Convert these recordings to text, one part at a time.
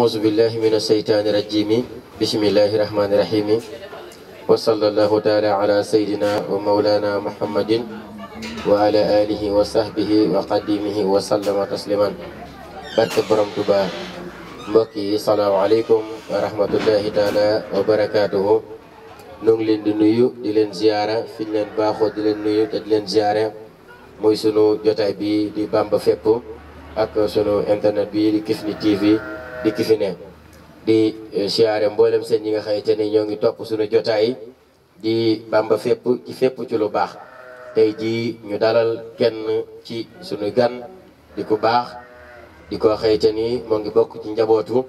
أعوذ بالله من الشيطان الرجيم بسم الله الرحمن الرحيم وصلى الله تعالى على سيدنا ومولانا محمد وعلى آله وصحبه وقديمه وسلم تسليما بارك برم تبا مبكي السلام عليكم ورحمة الله تعالى وبركاته nu ngi leen di nuyu لين leen ziara fi ñu leen baaxoo di leen nuyu te di leen ziara muy sunu jotaay bi di Bamba Fepp ak sunu internet bi dikki fi ne di eh, siyaare mboolem seen ñi nga xamante ne ñoo ngi suñu jotaay di bamba fépp ci fépp ci lu baax tey jii ñu dalal kenn ci suñu gan di kubah di ko xamante ni moo ngi bokk ci sering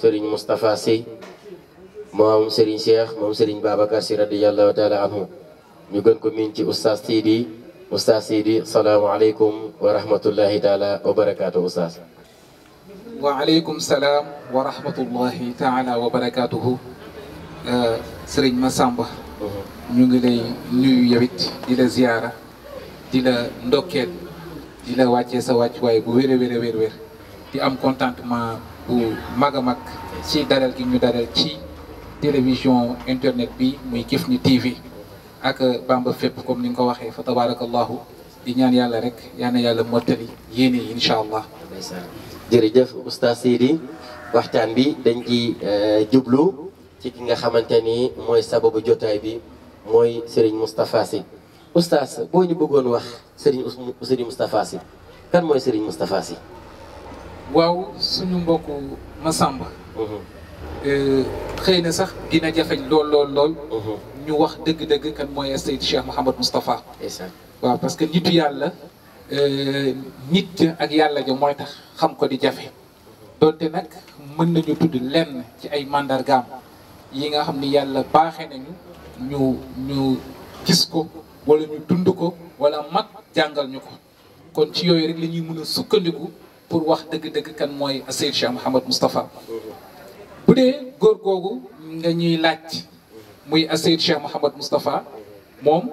Serigne Moustapha sering moom Serigne Cheikh moom Serigne Babacar Sy radiyallahu taala anhu ñu gën ko miin ci oustaz Sidi oustaz Sidi salaamaaleykum wa rahmatullahi taala wa oustaz وعليكم السلام ورحمة الله تعالى وبركاته سرين مسامبا نجلي نيو يبت إلى زيارة إلى ندوكت إلى واجه سواج واي بو وير وير وير وير تي أم كونتانت ما بو مغا مك شي دارال كي نيو دارال شي تلفزيون انترنت بي مي كيفني تي في ak bamba fep comme ni nga waxe fa tabarakallah di ñaan yalla rek yalla yalla motali yene inshallah jërëjëf oustaz Sidi waxtaan bi dañ ci euh, jublu ci ki nga xamante ni mooy sababu jotaay bi mooy seriñ Moustapha Sy oustaz boo ñu bëggoon wax Serigne Serigne Moustapha Sy kan mooy Serigne Moustapha Sy. waaw suñu mbokku Massamba. Mhm. Euh, xëy na sax dina jafeñ lool lool lool. Mhm. ñu wax dëgg-dëgg kan mooy Seydi Cheikh Mouhamed Moustapha. waaw parce que nitu yàlla. Eh, nit ak yàlla ja mooy tax xam ko di jafe donte nag mën nañu tudd lenn ci ay màndargaam yi nga xam ni yàlla baaxe nañu ñu ñu gis ko wala ñu dund ko wala mag jàngal ñu ko kon ci yooyu rek la ñuy mën a sukkandiku pour wax dëgg-dëgg kan mooy Seydi Cheikh Mouhamed Moustapha bu dee góor googu nga ñuy laaj muy Seydi Cheikh Mouhamed Moustapha moom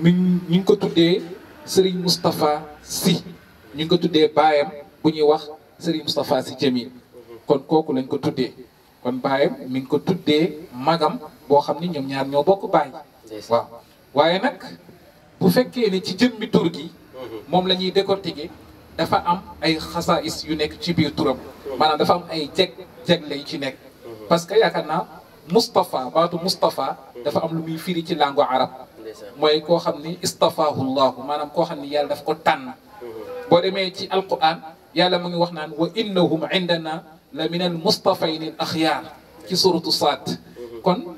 mi ñu ngi ko tuddee Serigne Moustapha Sy ñu ngi ko tuddee baayam bu ñuy wax Serigne Moustapha Sy Djamil kon kooku lañ ko tuddee kon baayam mi ngi ko tuddee magam boo xam ni ñoom ñaar ñoo bokk baay waaw waaye nag bu fekkee ne ci jëmmi tur gi mhm. moom la ñuy décortiquer dafa am ay xasaais yu nekk ci biir turam maanaam dafa am ay jeg jegle yu ci nekk mhm. parce que yaakaar naa Moustapha baatu Moustapha mhm. dafa am lu muy firi ci langue arabe moy ko xamni istafahu allah manam ko xamni yàlla daf ko tan bo demé ci alquran yàlla mo ngi wax nan wa innahum indana la min al mustafayn al akhyar ci suratu sad kon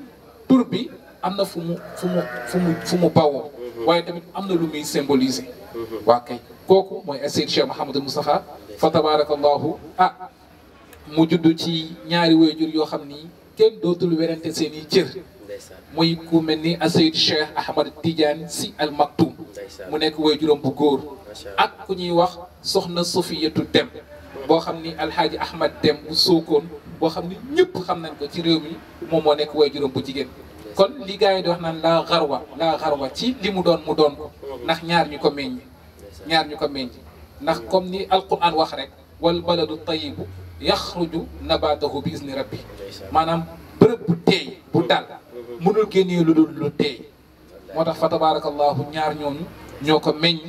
tour bi amna fumu fumu fumu fumu bawo waye tamit amna lu muy symboliser wa kay koku moy asid Cheikh mohammed mustafa fa tabarakallah ah mu judd ci ñaari wayjur yo xamni kenn dootul werante seen i muy ku mel ni Asayid Cheikh Ahmad Tidiane si al Maktoum mu nekk woy juróom bu góor ak ku ñuy wax soxna Sofiyatu Dem boo xam ni Alhaaji Ahmad Dem bu Sokone boo xam ni ñëpp xam nañ ko ci réew mi moom moo nekk woy juróom bu jigéen kon li gars yi di wax naan laa xarwa laa xarwa ci li mu doon mu doon ko ndax ñaar ñu ko meññ ñaar ñu ko meññ ndax comme ni alquran wax rek wal baladu tayibu yaxruju nabaatahu bi izni rabbi maanaam bërëb bu teey bu dal mënul génnee lu lu dee moo tax fa tabarakallahu ñaar ñooñu ñoo ko meññ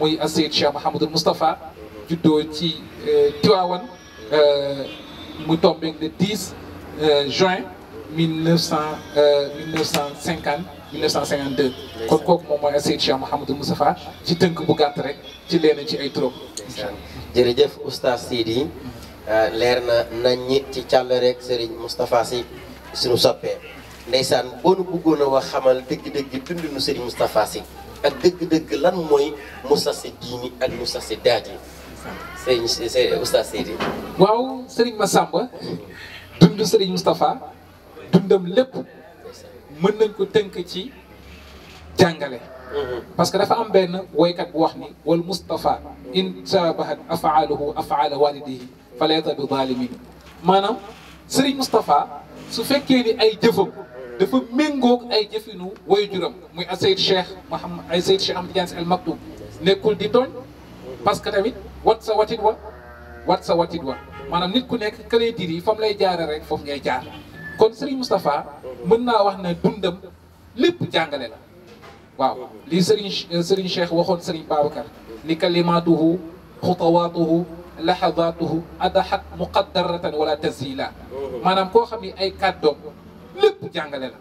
muy asayid Cheikh Mouhamadul Moustapha juddoo ci euh, Tiwaawan euh, mu tombé le 10 euh, juin 1900 1950 1952 kon kooku moom mooy asayid Cheikh Mouhamadul Moustapha ci tënk bu gàtt rek ci leen ci ay trop. jërëjëf oustaz Sidi leer na nañ ñi ci càll rek Serigne Moustapha Sy suñu soppee. ndeysaan boo nu bëggoon a wax xamal dëgg-dëgg dundinu Serigne Moustapha Sy ak dëgg-dëgg lan mooy mu sase diini ak mu sase daaj yi sëñ sëñ Oustaz Seydi waaw Serigne Massamba dund Serigne Moustapha dundam lépp mën nañ ko tënk ci jàngale parce que dafa am benn woykat bu wax ni wal Moustapha in shabahat afaaluhu afaala walidihi falayta bi zalimin maanaam Serigne Moustapha su fekkee ni ay jëfam dafa mingo ay jëfinu waajuram muy Seydou Cheikh Mouhamed ay Seydou Cheikh Ahmed Tidiane Sy Al Maktoum nekkul di tooñ parce que tamit wat sa watit wa wat sa watit wa maanaam nit ku nekk ka diri fa lay jaare rek foofu ngay jaar kon Serigne Moustapha mën naa wax ne dundam lépp jàngale la waaw lii Serigne Serigne Cheikh waxoon Serigne Babacar ni kalimaatuhu xutawaatuhu laxadaatuhu adaxat muqaddaratan wala tazila maanaam koo xam ay kàddoom lépp jàngale la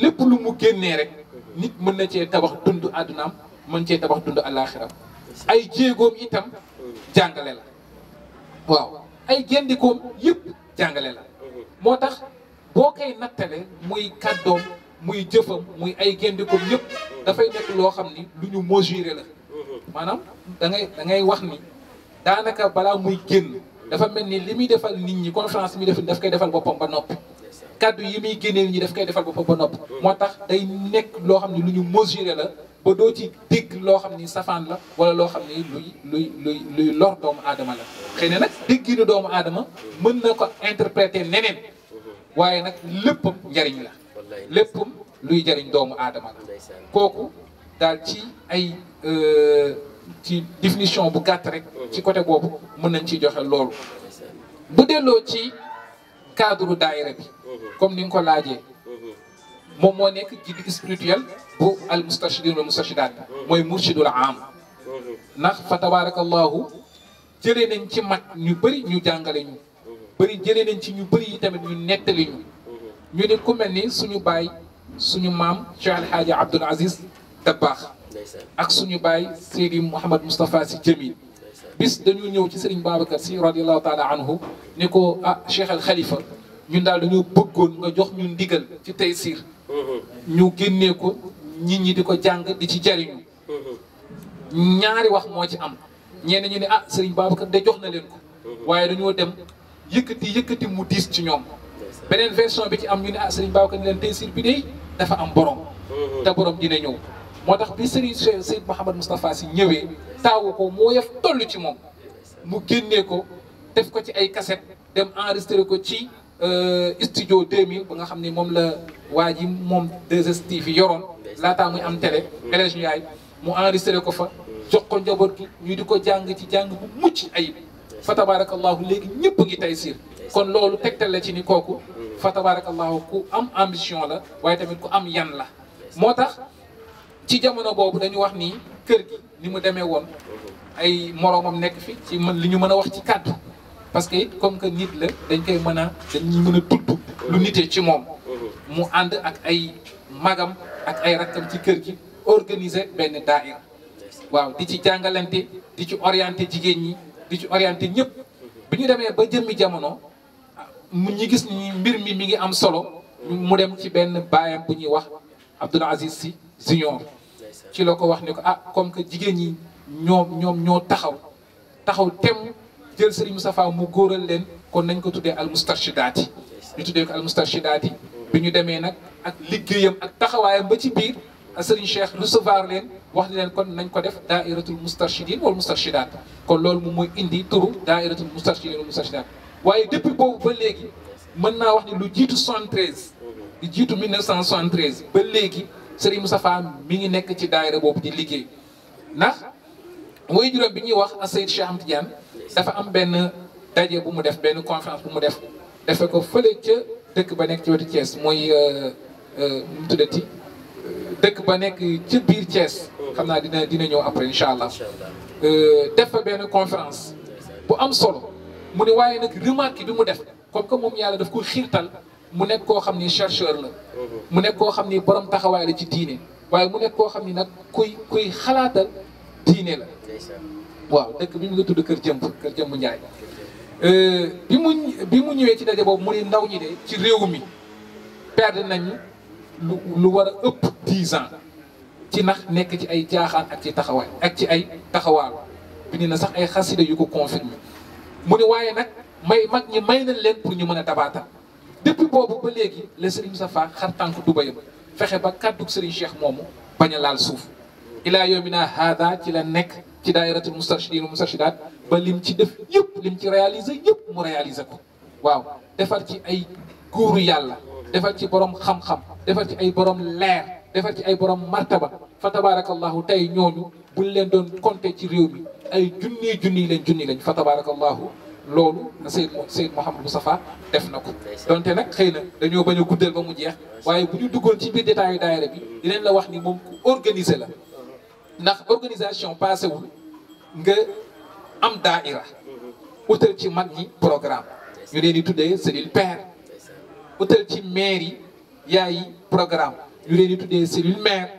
lépp lu mu génnee rek nit mën na cee tabax dund àddunaam mën cee tabax dund àllaaxiram ay jéegoom itam jàngale la waaw ay géndikoom yëpp jàngale la moo tax boo koy nattale muy kàddoom muy jëfam muy ay géndikoom yëpp dafay nekk loo xam ni lu ñu mesurer la maanaam dangay ngay da ngay wax ni daanaka balaa muy génn dafa mel ni li muy defal nit ñi conférence mi def daf koy defal boppam ba noppi kaddu yi muy ñi daf koy defal nopp motax day nek lo xamni luñu la ba do ci de la wala lo xamni luy luy luy luy lor doomu des la doomu interpréter la luy jariñ doomu la ci ay euh, ci définition bu rek mhm. ci côté mën nañ ci joxe cadre comme ni nga ko laajee mom mo nek guide spirituel bu al mustashidin wal mustashidat moy murshidul am ndax fa tabarakallah jere nañ ci mat ñu bari ñu jàngale ñu bari jere nañ ci ñu bari yi tamit ñu netali ñu ñu ne ku melni suñu bay suñu mam Cheikh al hadji abdul Aziz tabakh ak suñu bay Seydi Mouhamad mustafa si Jamil bis dañu ñëw ci Serigne babakar si radiyallahu taala anhu niko ah Cheikh al Khalifa ñun daal dañoo bëggoon nga jox ñu ndigal ci Taysiir ñu génnee ko nit ñi di ko jàng di ci jariñu ñaari wax moo ci am ñenn ñu ne ah Serigne Babacar de jox na leen ko waaye dañoo dem yëkkati yëkkati mu diis ci ñoom beneen version bi ci am ñu ne ah Serigne Babacar ne leen Taysiir bi de dafa am borom te borom dina ñëw moo tax bi Serigne Seyd Mouhamed Moustapha Sy ñëwee taawu ko moo yaf toll ci moom mu génnee ko def ko ci ay cassette dem enregistré ko ci Euh, studio 2000 ba nga xam ni moom la waa ji moom 2STV yoroon laataa muy am télé élège mm. yaay mu enregistré ko fa jox ko njaboot gi ñu di ko jàng ci jàng bu mucc ay fa tabarakallahu léegi ñëpp ngi tay siir kon loolu teg la ci ni kooku mm. fa tabarakallahu ku am ambition la waaye tamit ku am yan la moo tax ci jamono boobu dañu wax nii kër gi ni mu demee woon mm-hmm. ay moroomam nekk fi ci li ñu mën a wax ci kàddu parce que comme que nit la dañ koy mën a dañuy mën a lu nitee ci moom mu ànd ak ay magam ak ay rakkam ci kër gi organiser benn daaira waaw di ci jàngalante di ci orienté jigéen ñi di ci orienté ñëpp bi ñu demee ba jëmmi jamono mu ñu gis ni mbir mi mi ngi am solo mu dem ci benn baayam bu ñuy wax Abdoul Aziz Sy Junior ci loo ko wax ni ko ah comme que jigéen ñi ñoom ñoom ñoo taxaw taxaw tem jël sëriñ Moustapha mu góoral leen kon nañ ko tuddee almustarchidaat yi ñu tuddee ko almustarchidaat yi bi ñu demee nag ak liggéeyam ak taxawaayam ba ci biir sëriñ Cheikh recevoir leen wax ni leen kon nañ ko def daairatul mustarchidin wala mustarchidaat kon loolu moom mooy indi turu daairatul mustarchidin wala mustarchidaat waaye depuis boobu ba léegi mën naa wax ni lu jiitu 73 lu jiitu 1973 ba léegi sëriñ Moustapha mi ngi nekk ci daaira boobu di liggéey ndax mooy juróom bi ñuy wax Seyd Cheikh Ahmed dafa am benn daje bu mu def benn conférence bu mu def defe ko fële ca dëkk ba nekk ci wetu cees mooy euh, euh, mu tuddati dëkk ba nekk ci biir cees xam naa dina dina ñëw après incha allah euh, def fa benn conférence bu am solo mu ne waaye nag remarque bi mu def comme que moom yàlla daf ko xiirtal mu nekk koo xam ni chercheur la mm-hmm. mu nekk koo xam ni borom taxawaay la ci diine waaye mu nekk koo xam ni nag kuy kuy xalaatal diine la waaw dëkk bi mu ngi tudd Kër Jëmb Kër Jëmb Njaay euh, bi mu bi mu ñëwee ci daje boobu mu ne ndaw ñi de ci réew mi perdre nañ lu lu war a ëpp dix ans ci nax nekk ci ay jaaxaan ak ci taxawaay ak ci ay taxawaal bi na sax ay xasida yu ko confirmer mu ne waaye nag may mag ñi may nañ leen pour ñu mën a tabaata depuis boobu ba léegi la Serigne Safa xar tànk dubayam fexe ba kàddug Serigne Cheikh moomu bañ laal suuf ilaa bi naa haada ci la nekk ci daayiratul mustarshidin wa mustarshidat ba lim ci def yëpp lim ci réaliser yëpp mu réaliser ko waaw defar ci ay góoru yàlla defar ci borom xam-xam defar ci ay borom leer defar ci ay borom martaba fa tabaarakallahu tey ñooñu buñ leen doon compter ci réew mi ay junni junni leen junni lañ fa tabaarakallahu loolu Seyd Seyd Mouhamadou Moustapha def na ko donte nag xëy na dañoo bañ a guddal ba mu jeex waaye bu ñu duggoon ci biir détail daayira bi dinañ la wax ni moom ku la ndax organisation passé wul nga am daaira utal ci mag ñi programme ñu leen di tuddee cellule père utal ci maire yi yaay programme ñu leen di tuddee cellule maire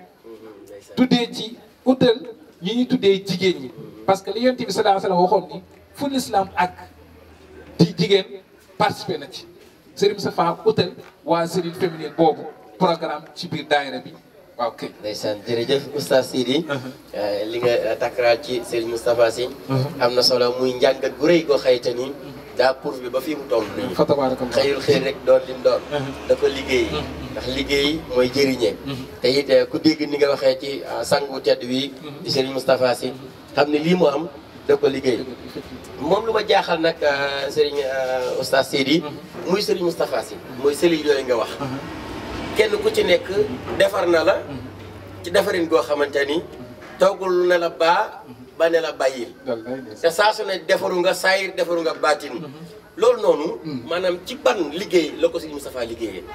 tuddee ci utal ñi ñu tuddee jigéen ñi parce que li yonent bi sallallahu alayhi wa sallam waxoon ni fu l'islam ak di jigéen participer na ci Serigne Safa utal waa cellule féminine boobu programme ci biir daaira bi waaw kay ndeysaan jërëjëf oustaz Sidi li nga takkaraal ci Serigne Moustapha Sy am na solo muy njàngat gu rëy goo xayte ni daa pour bi ba fii mu toll nii xëyul xëy rek doon lim doon dafa liggéey ndax liggéey mooy jëriñee te it ku dégg ni nga waxee ci sangu tedd wi di Serigne Moustapha Sy xam ne lii mu am da ko liggéey moom lu ma jaaxal nag eh, Serigne eh, oustaz Sidi uh-huh. muy Serigne Moustapha Sy mooy sëriñ yooyu nga wax uh-huh. kenn ku ci nekk defar na la ci defarin goo xamante ni toggul ne la ba ne la bàyyil te ne defaru nga saayir defaru nga baatin mm-hmm. loolu noonu mm-hmm. maanaam ci ban liggéey la ko sëriñ Moustapha liggéeyee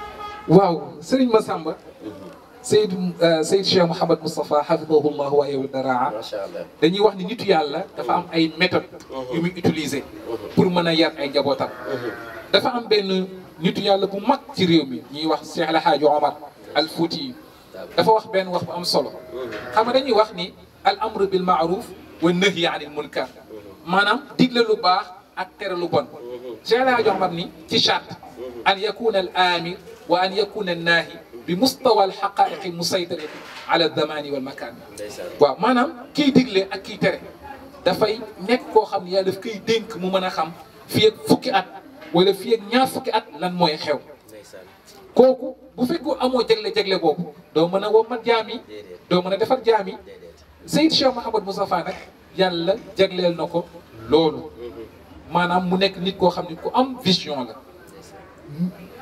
waaw sëriñ Massamba Seyd euh, Seyd Cheikh Mouhamad Moustapha hafidahullah wa yaw daraa dañuy wax ni nitu yàlla dafa am mm-hmm. ay méthode yu muy utiliser pour mën a yar ay njabootam dafa am benn nitu yàlla bu mag ci réew mi ñuy wax Cheikh El Hadj Omar al Fouti dafa wax benn wax bu am solo xam nga dañuy wax ni al amru bil maaruf wa nahyi anil munkar maanaam digle lu baax ak tere lu bon Cheikh El Hadj Omar ni ci charte an yakuna al amir wa an yakuna al naahi bi mustawa al xaqaiqi musaytarati ala zamani wal makan waaw maanaam kiy digle ak kiy tere dafay nekk koo xam ne yàlla daf koy dénk mu mën a xam fii ak fukki at wala fii ak ñaar fukki at lan mooy xew kooku bu fekku amoo jagle-jagle boobu doo mën a wommat jaam yi doo mën a defar jaam yi Seyd Cheikh Mahamad Moustapha nag yàlla jagleel na ko loolu maanaam mu nekk nit koo xam ne ku am vision la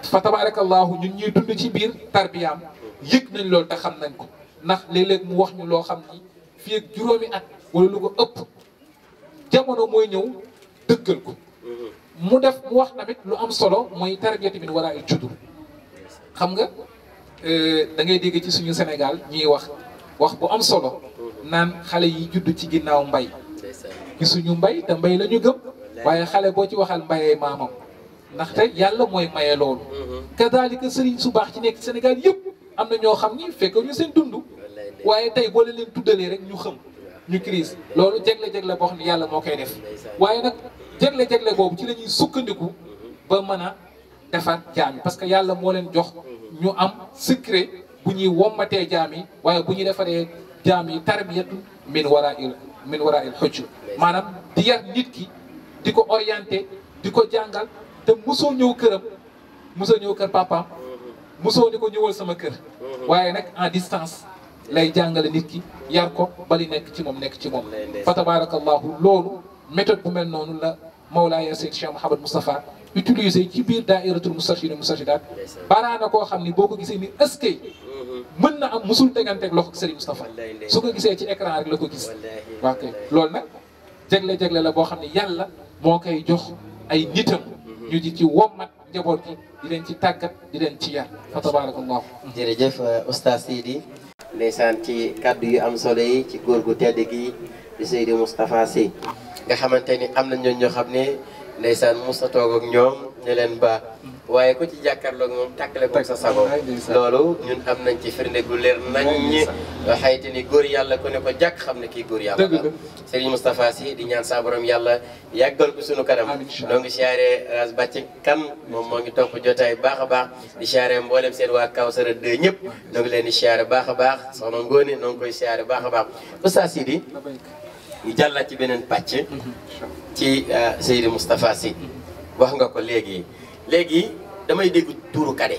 fa tabarakallahu ñun ñuy dund ci biir tarbiyaam yëg nañ loolu te xam nañ ko ndax léeg-léeg mu wax ñu loo xam ni fii ak juróomi at wala lu ko ëpp jamono mooy ñëw dëggal ko mu def mu wax tamit lu am solo mooy tarbiyati min wara il judur nga euh, da ngay dégg ci suñu Sénégal ñuy wax wax bu am solo naan xale yi judd ci ginnaaw mbay suñu mbay te mbay la ñu gëm waaye xale boo ci waxal mbayee maamam ndaxte yàlla mooy maye loolu kadaalika sëriñ su baax ci nekk Sénégal yëpp am na ñoo xam ni fekk ñu seen dund waaye tey boo leen leen tuddalee rek ñu xam ñu crise loolu jegle jegle boo xam ne yàlla moo koy def waaye nag jagle jagle boobu ci la sukkandiku ba mën a defar jaam yi parce que yàlla moo leen jox ñu am secret bu ñuy wommatee jaam yi waaye bu ñuy defaree jaam yi tarbiyatu min wara il min wara il xëcc maanaam di yar nit ki di ko orienté di ko jàngal te mosoo ñëw këram mosoo ñëw kër papaam mosoo ni ko ñëwal sama kër waaye nag en distance lay jàngale nit ki yar ko bali nekk ci moom nekk ci moom fa tabaarakallahu loolu méthode bu mel noonu la Mawlaaya Seydi Cheikh Mouhamed Moustapha utiliser ci biir daairatul Moustarchidine Moustarchidaat baraa na koo xam ni boo ko gisee ni ëskay mën na am musul teganteeg loxo Serigne Moustapha su ko gisee ci écran la ko gis waaw kay loolu nag jagle jagle la boo xam ne yàlla moo koy jox ay nitam mm-hmm. ñu di ci njaboot di leen ci tàggat di leen ci yar fa tabarakallahu jërëjëf oustaz Sidi ndeysaan ci kàddu yu am solo yi ci góor gu tedd gi di Seydi Moustapha nga xamante ni am na ñooñ ñoo xam ne ndeysaan musta toog ak ñoom ne leen baax waaye ku ci jàkkaarloog moom tàkkale ko sa sago loolu ñun am nañ ci firnde gu leer nañ ñi xayte ni góor yàlla ku ne ko jàkk xam ne kii góor yàlla la Serigne Moustapha di ñaan saa yàlla yàggal ko suñu kanam noo ngi siyaare ras kan moom moo ngi topp jotaay baax a baax di siyaare mboolem seen waa Kawsara 2 ñëpp noo ngi leen di siyaare baax a baax soono Ngóone noo ngi koy siyaare baax a baax Oustaz Sidi ñu jàllaat ci beneen pàcc ci euh, Seydi Moustapha Sy wax nga ko léegi léegi damay dégg tuuru kade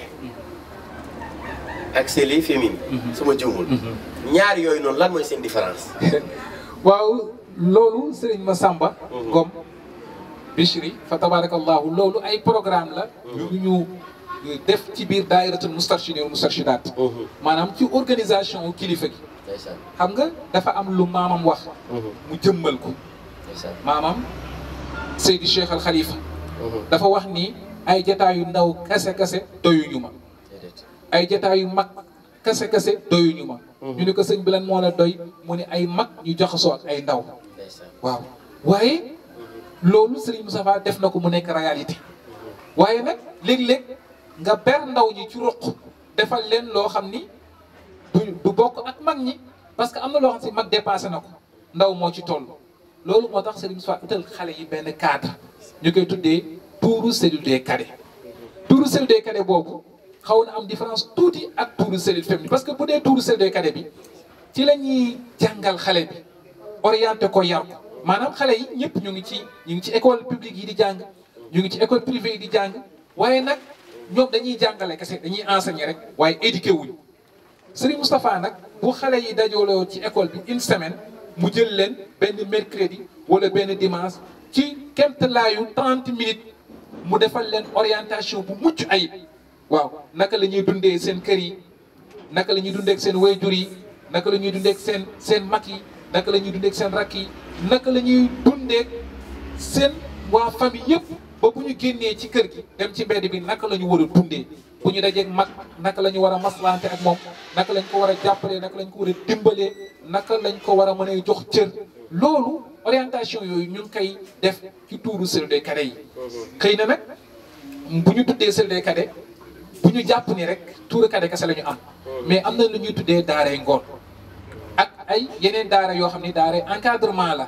ak seli féminin mhm. suma jiwmul mhm. ñaar yooyu noonu lan mooy seen différence waaw loolu Serigne Massamba mhm. Ngom Bichri fa tabarakallahu loolu ay programme la ñu ñu def ci biir daayiratul mustarshidin mustarshidate maanaam ci organisation kilifa gi xam nga dafa am lu maamam wax mu jëmmal ko maamam Seydi Cheikh Al Khalifa dafa wax ni ay yu ndaw kase kase doyuñu ma ay yu mag kase kase doyuñu ma ñu ni ko sëñ bi lan moo la doy mu ni ay mag ñu jaxasoo ak ay ndaw waaw waaye loolu Serigne Moustapha def na ko mu nekk réalité waaye nag léeg-léeg nga ber ndaw ñi ci ruq defal leen loo xam ni du du bokk ak mag ñi parce que am na loo xam si mag dépassé na ko ndaw moo ci toll loolu moo tax Serigne Moustapha utal xale yi benn cadre ñu koy tuddee tuuru cellule des cadets tuuru cellule des cadets boobu xaw na am différence tuuti ak tuuru cellule féminine parce que bu dee tuuru cellule des bi ci la ñuy jàngal xale bi orienté ko yar ko maanaam xale yi ñëpp ñu ngi ci ñu ngi ci école publique yi di jàng ñu ngi ci école privée yi di jàng waaye nag ñoom dañuy jàngale kese dañuy enseigner rek waaye éduqué wuñu Serigne Moustapha nag bu xale yi dajooloo ci école bi une semaine mu jël leen benn mercredi wala benn dimanche ci kemtalaayu 30 minutes mu defal leen orientation bu mucc ayib waaw naka la ñuy dundee seen kër yi naka la ñuy dundee ak seen wayjur yi naka la ñuy dundee ak seen seen mag yi naka la ñuy dundee ak seen yi naka la ñuy seen waa famille yëpp ba bu ñu génnee ci kër gi dem ci mbedd bi naka la ñu war a dundee. bu ñu dajeeg mag naka la ñu war a maslante ak moom naka lañ ko war a jàppalee naka lañ ko war a dimbalee naka lañ ko war a mën jox cër loolu orientation yooyu ñun ngi koy def ci tuuru cellule des cadets yi. kay na nag bu ñu tuddee cellule des cadets bu ñu jàpp ni rek tuuru cadet kese la ñu am mais am na lu ñuy tuddee daaray ngoon ak ay yeneen daara yoo xam ni daaray encadrement la.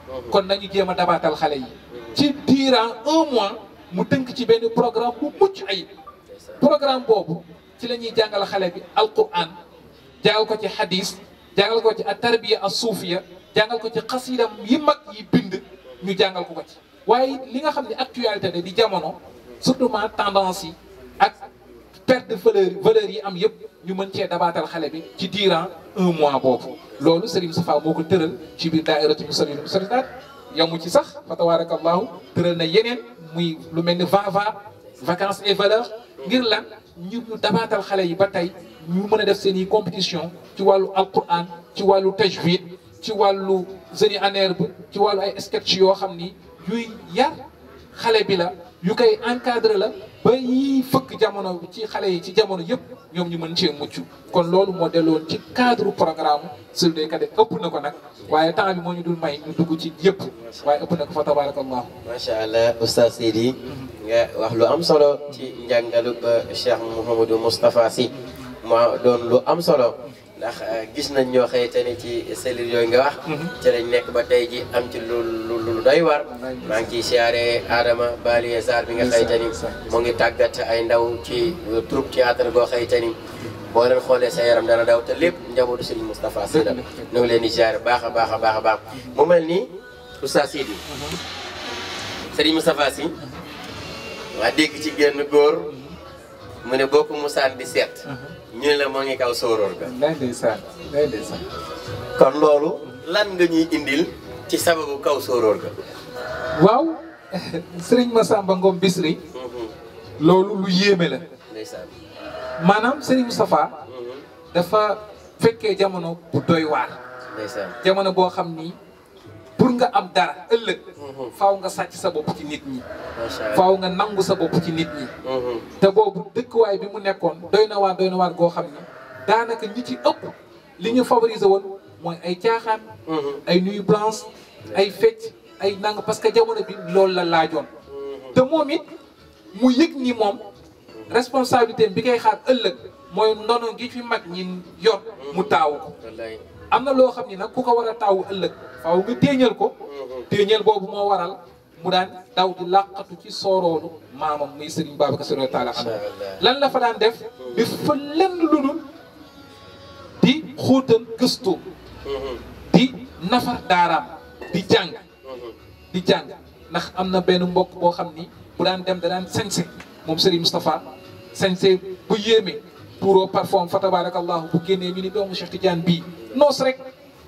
kon nañu jéem a dabaatal xale yi ci durant au moins mu tënk ci benn programme bu mucc ayib programme boobu ci la ñuy jàngal xale bi alquran jàngal ko ci hadis jàngal ko ci a tarbiya as suufiya jàngal ko ci xasiidam yi mag yi bind ñu jàngal ko ko ci waaye li nga xam ne actualité da di jamono surtout tendance yi perte de valeur valeur yi am yépp ñu mën cee dabaatal xale bi ci durant un mois boobu loolu Serigne Safa moo ko tëral ci biir daairatu Musalimina Muslimat yamu ci sax fa tabarakallahu tëral na yeneen muy lu mel ni va-va vacances et valeurs ngir lan ñu dabaatal xale yi ba tey ñu mën a def seen i compétition ci wàllu alquran ci wàllu tajwid ci wàllu génie en herbe ci wàllu ay sketch yoo xam ni yuy yar xale bi la yu koy encadre la ba yi fëkk jamono ci xale yi ci jamono yëpp ñoom ñu mën cee mucc kon loolu moo delloon ci cadre programme Sëriñ Day Kade ëpp na ko nag waaye temps bi moo ñu dul may ñu dugg ci yépp waaye ëpp na ko fa tabarakallahu macha allah oustaz Sidi nga wax lu am solo ci njàngalub euh, Cheikh Mouhamadou Moustapha si ma doon lu am solo ndax euh, gis nañ ñoo xëy te ci cellule yooyu nga wax. Mhm. ci lañ nekk ba tey ji am ci lu lu lu doy war. maa ngi ciy siyaare Adama Balie Sarr bi nga xëy te ni mu ngi tàggat ay ndaw ci euh, troupe théâtre goo xëy te ni boo leen xoolee sa yaram dana daw te lépp njabootu Serigne Moustapha Sy la ñu ngi leen di siyaare baax a baax a baax baax mu mel ni Oustaz Sidi mhm. Serigne Moustapha Sy waa mhm. dégg ci génn góor mu ne boo ko musaan di seet. ñu ne la moo ngi kaw sóoróor ga kon loolu lan nga ñuy indil ci sababu kaw sóoróor ga waaw sëriñ Massamba Ngom Bichri mhm. loolu lu yéeme la maanaam sëriñ Moustapha mhm. dafa fekkee jamono bu doy waar jamono boo xam ni pour nga am dara ëllëg Mm-hmm. faw nga sàcc sa bopp ci nit ñi faaw nga nangu sa bopp ci nit ñi mm-hmm. te boobu dëkkuwaay bi mu nekkoon doy na waar doy na waar goo xam ne daanaka ñi ci ëpp li ñu favoriser woon mooy ay caaxaan mm-hmm. ay nuit blanche ay fecc ay nang parce que jamono bi loolu la laajoon te moom it mu yëg ni moom responsabilité bi koy xaar ëllëg mooy ndono gi fi mag ñi yor mu taawu ko am na loo xam ni nag ku ko war a taw ëllëg faaw nga téeñal ko mm-hmm. téeñal boobu moo waral mu daan daw di làqatu ci sooroonu maamam muy sëriñ Babacar Sy taala xam lan la fa daan def mm-hmm. di fa lenn lu dul di xuutal gëstu mm-hmm. di nafar daaraam di jàng di jàng ndax am na benn mbokk boo xam ni mu daan dem da daan sañse moom sëriñ Moustapha sañse bu yéeme puuro parfum fa tabarakallahu bu génnee ñu ni doomu Cheikh Tidiane bii noos rek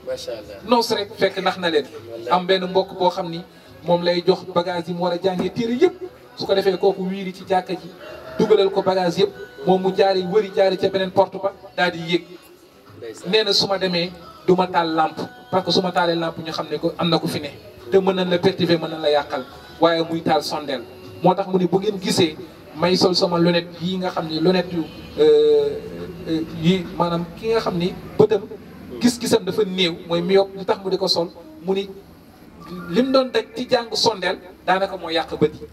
macha allah noos rek fekk ndax na leen am benn mbokk boo xam ni moom lay jox bagage yi mu war a jàngee téere yëpp su ko defee kooku wiiri ci jàkka ji dugalal ko bagage yëpp moom mu jaari wëri jaari ca beneen porte ba daal di yéeg nee na su ma demee du ma taal làmp parce que su ma taalee lampe ñu xam ne ko am na ku fi ne te mën nañ la perturber mën na la yàqal waaye muy taal sondeel moo tax mu ne gisee may sol sama lunette yi nga xam ni lonet yu euh, euh, yi maanaam ki nga xam ni bëtam gis-gisam dafa néew mooy myope li tax mu di ko sol mu ni li mu doon daj ci jàng sondeel daanaka moo yàq bët yi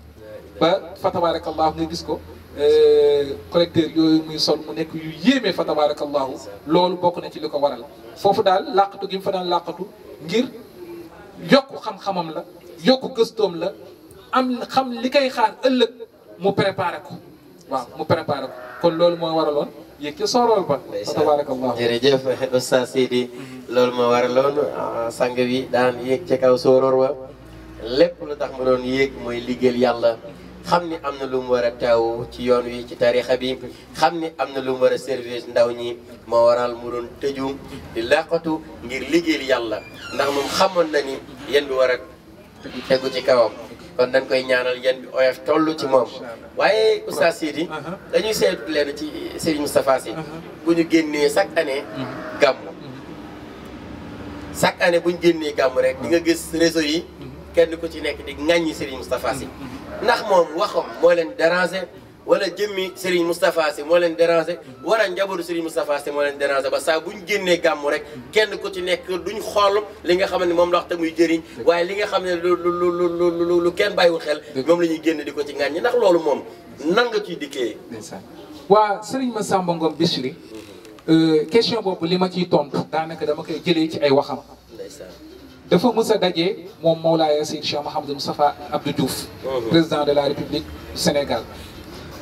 ba fa tabarakallahu nga gis ko euh, collecteur yooyu muy sol mu nekk yu yéeme fa tabarakallahu loolu bokk na ci li ko waral foofu daal làqatu gi mu fa daan làqatu ngir yokk xam-xamam la yokk gëstoom la am xam li koy xaar ëllëg mu préparé ko waaw mu préparé ko kon loolu moo waraloon yéeg ci soorool ba tabarakallah jërëjëf oustaz loolu moo waraloon ah, sang bi daan ci kaw sooroor ba lépp lu tax mu doon yéeg mooy liggéel yàlla xam ni am na lu mu war a teew ci yoon wi ci tarixa bi xam ni am na lu mu war a service ndaw ñi moo waral mu doon tëju di ngir liggéeyal yàlla ndax moom xamoon na ni yéen bi war a tegu ci kawam kon dañ koy ñaanal yan bi oyof toll ci moom waaye Oustaz Sidi uh-huh. dañuy seetlu leen ci Serigne Moustapha Sy uh-huh. bu ñu génnee chaque année uh-huh. gàmmu chaque année bu génnee gàmmu rek di nga gis réseau yi kenn ku ci nekk di ŋàññi Serigne Moustapha Sy ndax moom waxam moo leen déranger wala jëmmi Serigne mustapha Sy mo len déranger war a Serigne mustapha Sy mo len déranger ba sa buñu génné gamu rek kenn ku ci nek duñ xol li nga xamné mom la wax te muy jëriñ waye li nga xamné lu lu lu lu lu kenn bàyyiwul xel mom lañuy génné diko ci ŋàññi ndax lolu mom nang nga ciy dikkee waa Serigne Massamba Ngom euh question boobu li ma ciy tontu danaka dama koy jëlé ci ay waxam dafa mës dajé mom moom Mawlaaya Seydi Cheikh Mouhamadou mustapha Abdou Diouf président de la République du Sénégal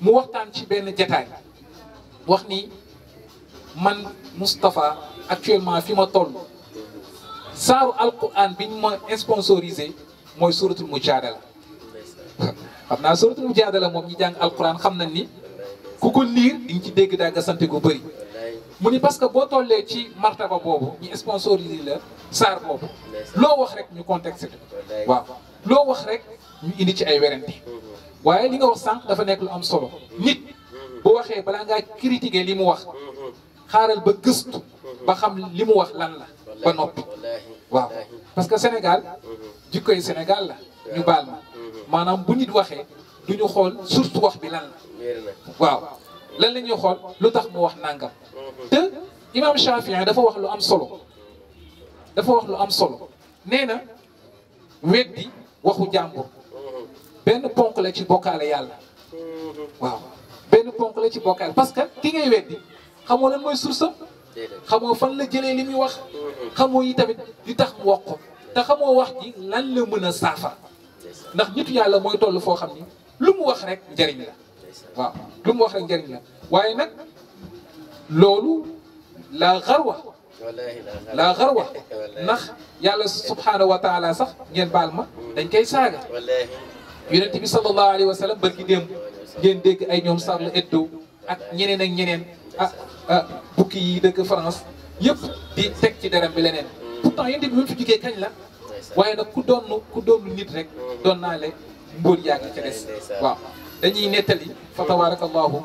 mu waxtaan ci benn jataay wax ni man Moustapha actuellement fi ma toll saaru alquran bi ñu ma sponsorisé mooy suratul mujaadala xam naa suratul mujaadala moom ñi jàng alquran xam nañ ni ku ko liir diñ ci dégg daa nga sant gu bëri mu ni parce que boo tollee ci martaba boobu ñu sponsorisé la saar boobu loo wax rek ñu contexte waaw loo wax rek ñu indi ci ay werante waye li nga wax sank dafa nek lu am solo nit bu waxe bala nga critiquer limu wax xaaral ba geustu ba xam limu wax lan la ba noppi waaw parce que Sénégal jikko yi Sénégal la ñu bal ma manam bu nit waxe duñu xol surtout wax bi lan la waaw lan lañu xol lutax mu wax nangam te imam shafi'i dafa wax lu am solo dafa wax lu am solo neena weddi waxu jambour ben ponk la ci bokkaale yàlla waaw ben ponk la ci bokkaale parce que ki ngay weddi xamo lan moy source xamo fan la jele limi wax xamo yi tamit li tax mu wax ko ta xamo wax ji lan la mën safa ndax nitu yàlla moy tollu fo xamni lu mu wax rek njëriñ la waaw lu mu wax rek njëriñ la waye nak lolu la gharwa لا غروة نخ يا subhaanahu wa taala sax ngeen baal ma yonent bi sallallahu alayhi wa sallam bërki démb ngeen dégg ay ñoom Charlie Hebdo ak ñeneen ak ñeneen ah, ah bukki yi dëkk France yëpp di teg ci deram bi leneen pourtant yonent bi mu fi kañ la waaye nag ku doon ku doonul nit rek doon naa le mbóol yaa ngi ca waaw dañuy nettali fa tabarakallahu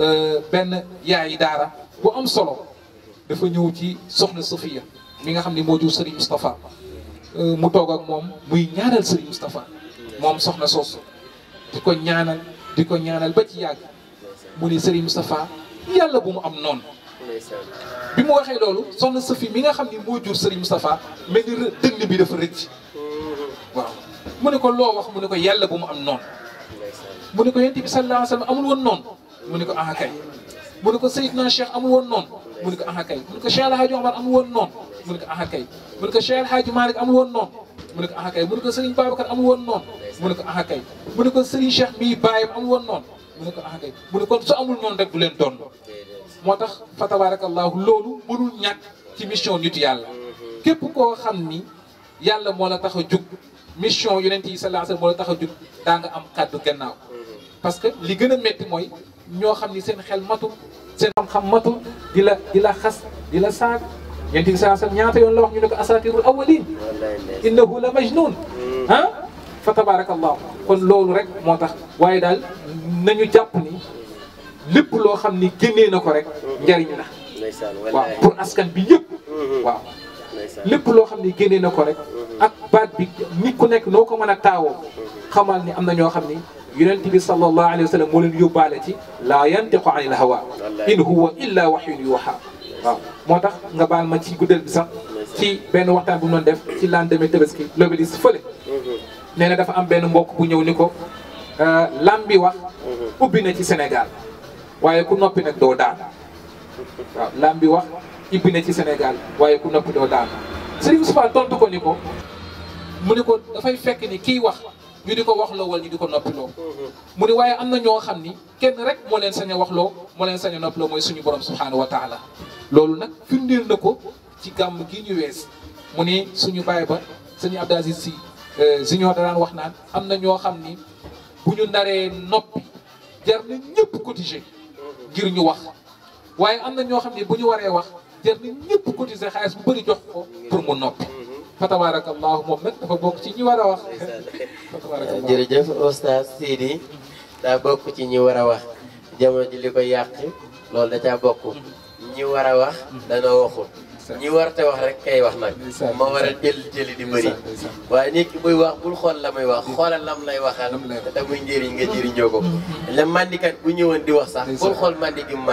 euh, benn yaayi daara bu am solo dafa ñëw ci soxna Sofia mi nga xam ne moo jur Serigne Mustapha euh, mu toog ak moom muy ñaanal Serigne Mustapha mom soxna soosu diko ñaanal diko ñaanal ba ci yag mu ni Serigne mustapha yàlla bu mu am non bi mu waxe lolu soxna Safi mi nga xamni mo jur Serigne mustapha me ni dënn bi dafa rëcc waaw mu ni ko lo wax mu ni ko yàlla bu mu am non mu ni ko yentibi sallallahu alayhi wasallam amul won non mu ni ko ah kay mu ni ko sayyidna Cheikh amul won non mu ne ko aha kay mu ne ko Cheikh El Hadj Omar amul woon noonu mu ne ko amul woon noonu mu ne ko aha kay mu ne amul woon noonu mu ne ko amul woon noonu mu ne ko amul noonu rek du leen doon moo tax fa tabarakallahu loolu mënul ñàkk ci mission nitu yàlla képp koo xam ni yàlla moo la tax a jug mission yonent yi sallallahu alayhi wasallam moo la tax a jug daa nga am kàddu gannaaw parce que li gën a métti mooy ñoo xam ni seen xel matul seen xam-xam matul di la di la xas di la saag yonent ñaata yoon la wax ñu ne ko asatirul awwalin innahu la majnun hmm. ah fa tabarakallahu kon loolu rek moo tax waaye daal nañu jàpp ni lépp loo xam ni génnee na ko rek hmm. njariñ na waaw pour askan bi yëpp hmm. waaw lépp loo xam ne génnee na ko rek ak baat bi nit ku nekk noo ko mën a taawoo xamal ni am na ñoo xam ni يونتي بي صلى الله عليه وسلم مولن يوبالتي لا ينطق عن الهوى ان هو الا وحي يوحى موتاخ nga بال ما تي غودل بي صاح تي بن وقتان بو نون ديف تي لاندمي تبسكي لوبليس فله نينا دا فا ام بن موك بو نيو نيكو ا لامبي واخ اوبي نا تي سنغال وايي كو نوبي نك دو دان لامبي واخ اوبي نا تي سنغال وايي كو نوبي دو دان سيري عثمان تونتو كو نيكو مونيكو دا فاي فك ني كي واخ ñu di ko waxloo wala ñu di ko noppiloo mu ni waaye am na ñoo xam ni kenn rek moo leen sañ a waxloo moo leen sañ a noppiloo mooy suñu borom subhanahu wa taala loolu nag firndeel na ko ci gàmm gi ñu wees mu ni suñu baay ba suñu abdaziz si Sy euh, junior da daan wax naan am na ñoo xam ni bu ñu naree noppi jar na ñëpp cotiser ngir ñu wax waaye am na ñoo xam ni bu ñu waree wax jar na ñëpp cotiser xaalis bu bëri jox ko pour mu noppi fa tabaarakallaahu moom nag dafa bokk ci ñi war a wax. jërëjëf oustaz Sidi daa bokk ci ñi war a wax jamono ji li ko yàq loolu da caa bokk mm-hmm. ñi war a wax danoo waxul. ñi war te wax rek kay wax nag moo war a jël di bëri waaye kan nit ki buy wax bul xool la wax xoolal lam lay waxal da muy nga le mandikat bu di wax sax mandi gi mu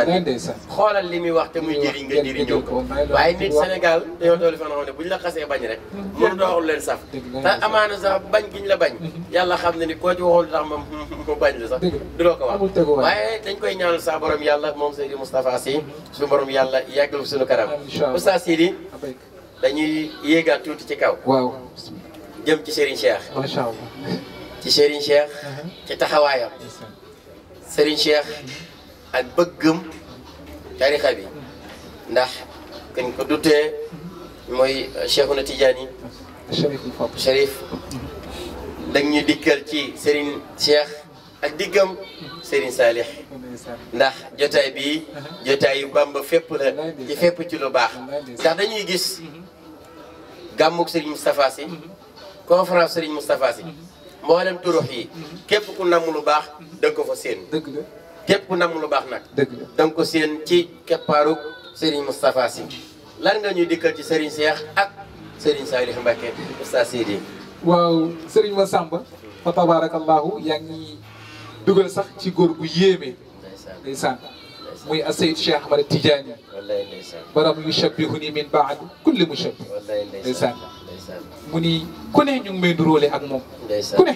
limi wax te muy njëriñ nga jëriñoo ko waaye nit Sénégal dañoo toll fan xam ne bu la xasee bañ rek mënu doo wax leen saf te amaana sax bañ giñ la bañ mhm. yàlla xam ni koo ci waxul sax moom mu bañ la sax du ko wax dañ koy ñaanal borom su borom suñu xasidi dañuy yéegaat tuuti ci kaw. waaw jëm ci Serigne Cheikh. macha allah ci Serigne Cheikh. Mhm. ci taxawaayam. Serigne Cheikh ak bëggam tarixa bi ndax kañ ko dutee mooy Cheikhuna Tidiane. Chérif dañ ñu dikkal ci sëriñ Cheikh ak diggam. Serigne Saalix ndax jotaay bii jotaay yu Bamba fépp la ci fépp ci lu baax ndax dañuy gis gàmmuk Serigne Moustapha Sy conférence Serigne Moustapha Sy mboolem turux yi képp ku namm lu baax da nga ko fa séen képp ku namm lu baax nag da nga ko séen ci keppaaruk Serigne Moustapha Sy lan nga ñuy dikkal ci Serigne Cheikh ak Serigne Saalix Mbacke Oustaz Sidi dugal sax ci góor gu yéeme ndeysaan muy asayid Cheikh Ahmad Tidiane baram yushabbihuni min baad kulli mushabbih ndeysaan mu ni ku ne ñu ngi may nduróole ak moom ku ne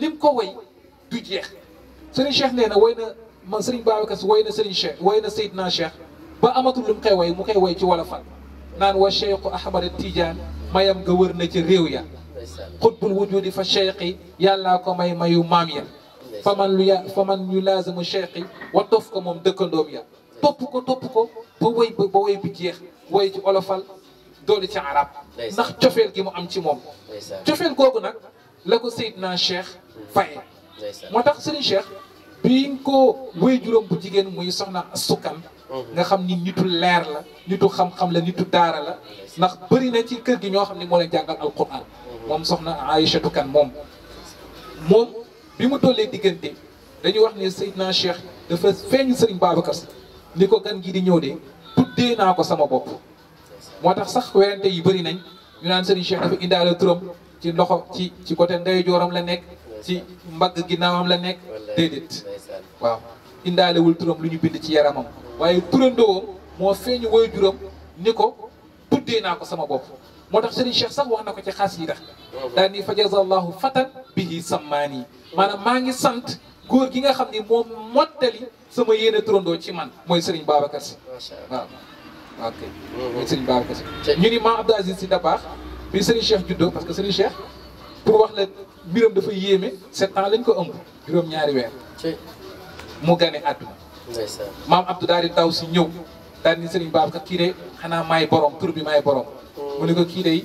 lim ko way du jeex Serigne Cheikh nee na way na man Serigne Babacar Sy way na Serigne Cheikh way na Cheikh ba amatul lim koy way mu koy way ci wolofal naan wa Cheikhu Ahmad Tidiane mayam nga wër na ci réew ya xutbul wujudi fa cheikhi yàllaa ko may mayu maam ya fa man lu ya fa man ñu laazimu wa tof ko moom dëkkandoom ya topp ko topp ko ba woy ba woy bi jeex woy ci olofal doole ci arab ndax cofeel gi mu am ci moom cofeel googu nag la ko Seydina Cheikh faye moo tax Serigne Cheikh biñ ko wéy juróom bu jigéen muy soxna sukkan mhm. nga xam ni nitu leer la nitu xam-xam la nittu daara la ndax bëri na ci kër gi ñoo xam ne moo leen jàngal alquran mhm. moom soxna Aïchatu kan moom moom bi mu tollee diggante dañuy wax ne Seydina Cheikh dafa feeñ Serigne Babacar ni ko gan gi di ñëw de tuddee naa ko sama bopp moo tax sax werante yi bëri nañ ñu naan Serigne Cheikh dafa indaale turam ci loxo ci ci côté ndeyjooram la nekk ci mbagg ginnaawam la nekk déedéet waaw indaalewul turam lu ñu bind ci yaramam waaye turandoowam moo feeñu woy juram ni ko tuddee naa ko sama bopp moo tax Serigne Cheikh sax wax na ko ci xaas yi tax daal ni fajazallahu fatan bihi sammaani maanaam maa ngi sant góor gi nga xam ni moom mottali sama yéene turandoo ci man mooy Serigne Babacar Sy waaw ok mm-hmm. mooy ñu ni maam Abdou Aziz Sy Dabakh bi Serigne Cheikh juddoo parce que Serigne chef pour wax la mbiram dafa yéeme sept ans lañ ko ëmb juróom-ñaari weer mu gane àdduna maam Abdou daal di taw si ñëw daal ni Serigne Babacar kii de xanaa maay borom tur bi may borom mu ne ko kii de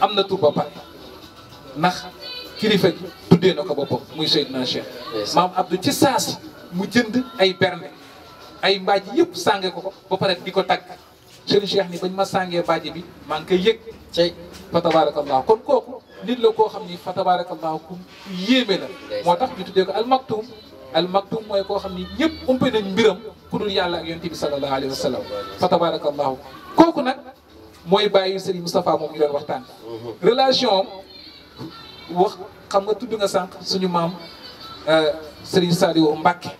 am na tur ba pare ndax kilifa gi tuddee na ko boppam muy Seydina Cheikh maam Abdou ci saasi mu jënd ay berne ay mbaaj yëpp sànge ko ko ba pare di ko tagg Serigne Cheikh ni bañ ma sàngee baaji bi maa ngi koy cey fa tabarakallahu kon kooku nit la koo xam ni fa tabarakallahu ku yéeme la moo tax ñu tuddee ko almaktum almaktum mooy koo xam ni ñëpp umpe nañ mbiram ku yàlla ak yonent bi sallallahu alayhi wa sallam fa tabarakallahu kooku nag mooy bàyyi Serigne Moustapha moom waxtaan mhm. relation wax xam nga tudd nga sànq suñu maam euh, Serigne Saliou Mbacke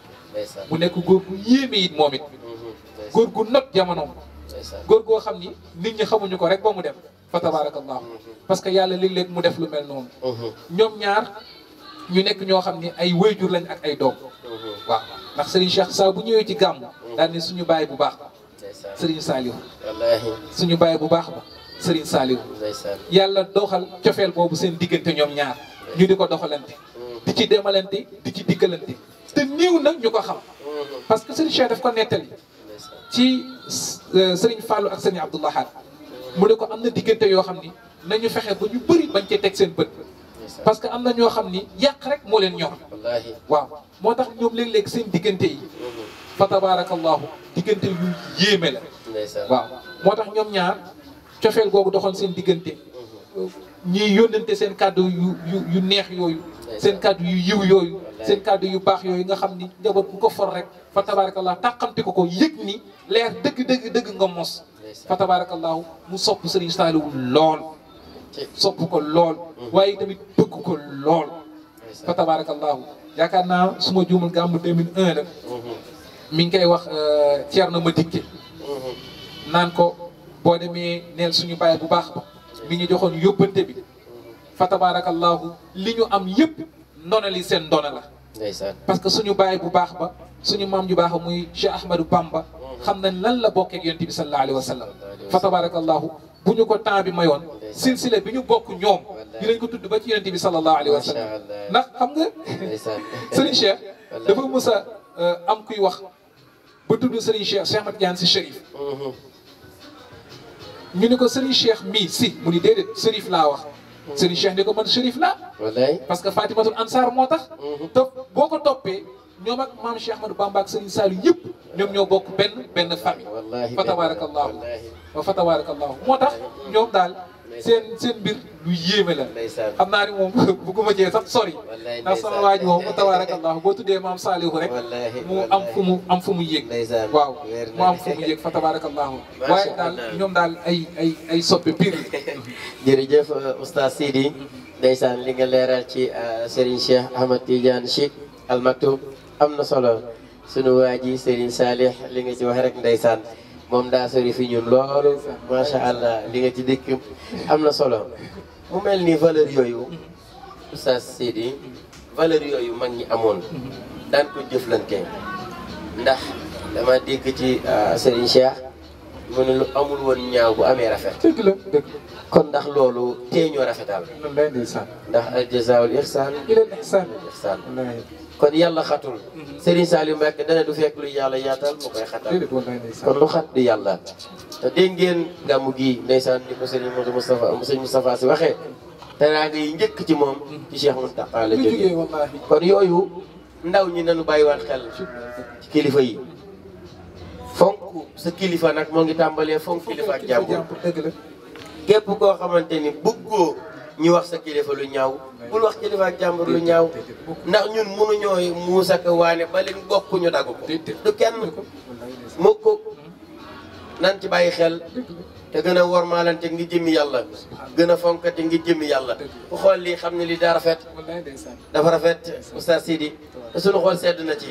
bu nekk góor gu yéeme it moom it mhm. góor gu not jamonoom góor goo xam ni nit ñi xamuñu ko rek ba mu dem fa tabarakallahu mm-hmm. parce que yàlla léeg-léeg mu def lu mel noonu mm-hmm. ñoom ñaar ñu nekk ñoo xam ni ay wéyjur lañ ak ay doom mm-hmm. waaw ndax Serigne Cheikh saa bu ñëwee ci gàmm daal ne suñu baay bu baax ba Serigne Saliou suñu baay bu baax ba Serigne Saliou yàlla doxal cofeel boobu seen diggante ñoom ñaar ñu di ko doxalante di ci demalante di ci diggalante te néew nag ñu ko xam parce que Serigne Cheikh daf ko nettali ci euh, Serigne Fallou ak Serigne Abdoulahad mu ne ko am na diggante yoo xam ni nañu fexe ko ñu bëri bañ ci teg seen bët parce que am na ñoo xam ni yàq rek moo leen ñor waaw moo tax ñoom léeg-léeg seen diggante yi mm-hmm. fa tabarakallahu diggante yu yéeme la waaw moo tax ñoom ñaar cofeel googu doxal seen diggante mm-hmm. ñiy yónnante seen kàddu yu yu yu neex yooyu seen kàddu yu yiw yooyu seen kàddu yu baax yooyu nga xam ni njaboot bu ko for rek fa tabarakallah tàqamti ko ko yëg ni leer dëgg dëgg dëgg nga mos fa tabaarakallaahu mu sopp sëriñ Saaliwu lool sopp ko lool mm-hmm. waaye tamit bëgg ko lool fa tabaarakallaahu yaakaar naa suma ma juumul gàmm 2001 la mm-hmm. mi ngi koy wax euh, Thierno Madické mm-hmm. naan ko boo demee neel suñu bàyyi bu baax ba mi ngi joxoon yóbbante bi fa tabaarakallaahu li ñu am yëpp ndona li seen ndona la parce que suñu bàyyi bu baax ba suñu mam ju baax muy Cheikh Ahmadou Bamba xam nañ lan la bokk ak yonent bi sallallahu alayhi wasallam fa tabarakallah buñu ko temps bi mayon silsile biñu ñu bokk ñoom lañ ko tudd ba ci yonent bi sallallahu alayhi wasallam sallam ndax xam nga Serigne Cheikh dafa musa am kuy wax ba tudd Serigne Cheikh Cheikh Ahmad Tidiane Sy Chérif ñu ni ko Serigne Cheikh mi si mu ni dedet Chérif la wax Serigne Cheikh ne ko man Chérif la parce que Fatimatul Ansar motax top boko topé ñoom ak maam Cheikh Ahmadou Bamba ak Serigne Saliou yëpp ñoom ñoo bokk benn benn famille fa tabarakallahu wa fa tabarakallahu moo tax ñoom daal seen seen mbir lu yéeme la xam naa ni moom a cee sax sori na sama waaj moom fa tabarakallahu boo tuddee maam Saliou rek mu am fu mu am fu mu yéeg waaw fa tabarakallahu waaye daal ñoom daal ay ay ay soppe pir jërëjëf euh, oustaz Sidi ndeysaan li nga ci euh, Serigne Cheikh Ahmad Tidiane Sy Al Maktoum am na solo sunu waa ji Serigne Salih li nga ci wax rek ndeysaan moom daa sori fi ñun loolu macha allah li nga ci dikk am na solo mu mel ni valeur yooyu Oustaz Sidi valeur yooyu mag ñi amoon daan ko jëflante ndax dama dégg ci ah, Serigne Cheikh mu lu amul woon ñaaw bu amee rafet dëgg la dëgg kon ndax loolu teeñoo rafetal ndax al jazaa'ul ihsaan ilal ihsaan kon yàlla xatul Serigne Saliou Mbacké dana du fekk lu yàlla yaatal mu koy xatal kon lu xat di yàlla te gamugi, ngeen gàmmu gii ndeysaan di ko Serigne Modou Moustapha Serigne Moustapha si waxee teraanga yi njëkk ci moom ci Cheikh Mountakha la jógee kon yooyu ndaw ñi nañu bàyyiwaat xel ci kilifa yi fonk sa kilifa ngi kilifa ak ñu wax sa kilifa lu ñaaw bul wax kilifa ak jàmbur lu ñaaw ndax ñun mënuñoo muus ak waane ba leen bokk ñu dagu ko du kenn mukk nan ci bàyyi xel te gën a wormaalante ngi jëmmi yàlla gën a fonkate ngi jëmmi yàlla ku xool lii xam ne lii daa rafet dafa rafet oustaz Sidi te suñu xool sedd na ci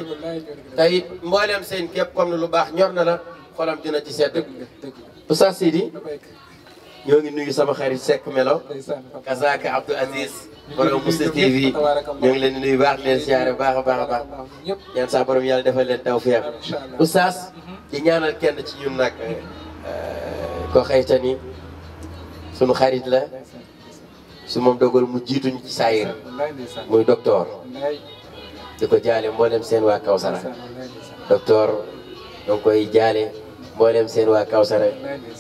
te it seen képp comme lu baax ñor na la xoolam dina ci sedd oustaz Sidi ñoo ngi nuyu sama xarit Seck Melo Kasaka Abdou Aziz borom Moussa TV ñoo ngi leen di nuyu baax leen siyaare baax a baax a baax ñaan saa borom yàlla defal leen tawfeex saas mhm. di ñaanal kenn ci ñun nag eh, eh, ko xëyta sunu xarit la su moom dogal mu jiituñu ci saayir muy docteur di ko jaale mboolem seen waa Kawsara docteur danga koy jaale Boleh seen waa Kawsara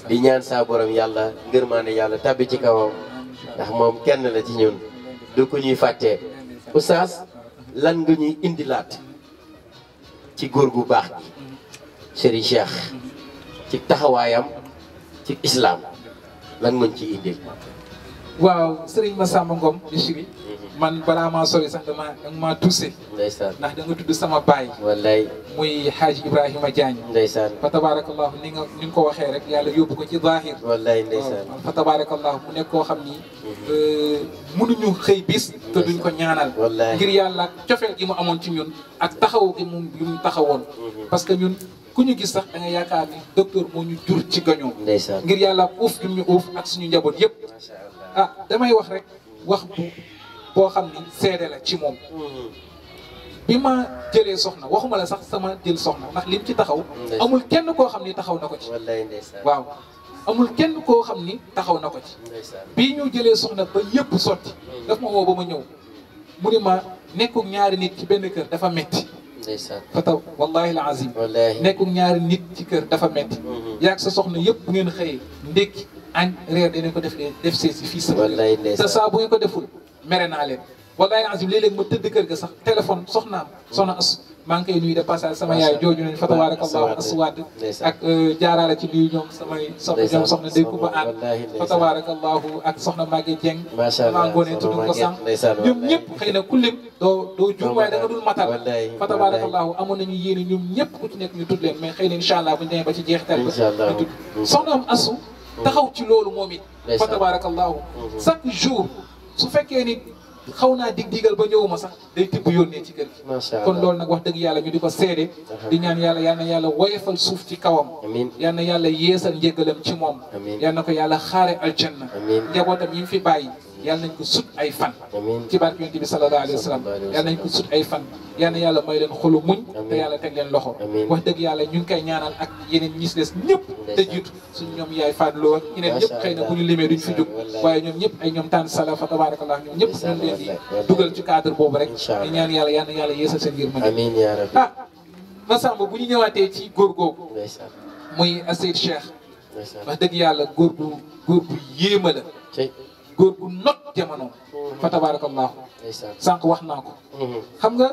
di ñaan saa borom yàlla tapi jika tabbi ci kawam ndax moom kenn la ci ñun du ko ñuy fàtte oustaz lan nga ñuy ci gu gi Cheikh ci ci islam lan mën ci wow waaw Serigne Massamba di sini man balaa maa sori sax dama danga maa toussé ndax da nga tudd sama baay wallaay muy Hadj Ibrahima Diagne ndeysaan fa tabarakallahu ni nga ni nga ko waxee rek yàlla yóbbu ko ci zahir wallaay ndeysaan fa tabarakallahu mu nekk koo xam ni mënuñu mhm. euh, xëy bis te duñ ko ñaanal ngir yàlla cofeel i mu amoon ci ñun ak taxaw gi mu gi mu taxawoon mhm. parce que ñun ku ñu gis sax da nga yaakaar ni docteur moo ñu jur ci gañoo ngir yàlla uuf gi uuf ak suñu njaboot yëpp ah damay wax rek wax bu boo xam ni seede la ci moom bi ma jëlee soxna waxuma la sax sama jël soxna ndax lim ci taxaw amul kenn koo xam ni taxaw na ko ci waaw amul kenn koo xam ni taxaw na ci bii ñu jëlee soxna ba yëpp sotti daf ma woo ba ñëw mu ni ma nekkul ñaari nit ci benn kër dafa metti fataw wallahi la azim ñaari nit ci kër dafa metti yaag sa soxna yëpp ngeen xëyee ndékki añ réer dinañ ko def def seesi fii sama te saa bu ñu ko deful mere naa leen wallaay azim léeg-léeg ma tëdd kër ga sax téléphone soxnaam soxna as maa ngi koy sama yaay jooju nañ fa tabarakallahu as wadd ak euh, jaaraale ci nuyu ñoom samay soxna ñoom soxna dégg ko ba aan fa tabarakallahu ak soxna Magué Dieng maa ngoone tudd ko sànq ñoom ñëpp xëy na ku lim doo doo juum waaye da nga dul matal fa tabarakallahu amoon nañu yéene ñoom ñëpp ku nekk ñu tudd leen mais xëy na incha allah bu ñu ba ci jeextal ba ñu asu taxaw ci loolu moom it fa tabarakallahu mhm. chaque jour su fekkee ni xaw naa dig digal ba ñëwuma sax day tibb yónnee ci kër gi kon lool nag wax dëgg yàlla ñu di ko seede di ñaan yàlla yal na yàlla woyefal suuf ci kawam yal na yàlla yeesal njëgalam ci moom yal na ko yàlla xaare aljanna njabootam yi mu fi bàyyi yal nañ ko sut ay fan ci barke yonent bi sallallahu alayhi wa sallam nañ ko sut ay fan yàlla may leen xolu muñ te yàlla teg leen loxo wax dëgg yàlla ñu ngi koy ñaanal ak yeneen ñis des ñëpp te jiitu suñ ñoom yaay fàttloo ak ñeneen ñëpp xëy na bu ñu limee duñ fi jóg waaye ñoom ñëpp ay ñoom tànn sala fa tabarakallah ñoom ñëpp ñu leen di dugal ci cadre boobu rek di ñaan yàlla yàlla yeesal seen ngir mën ah Massamba bu ñu ñëwaatee ci góor googu muy Asir Cheikh wax dëgg yàlla góor bu góor bu yéema góor gu not jamono fa tabarakallahu sànq wax naa ko xam nga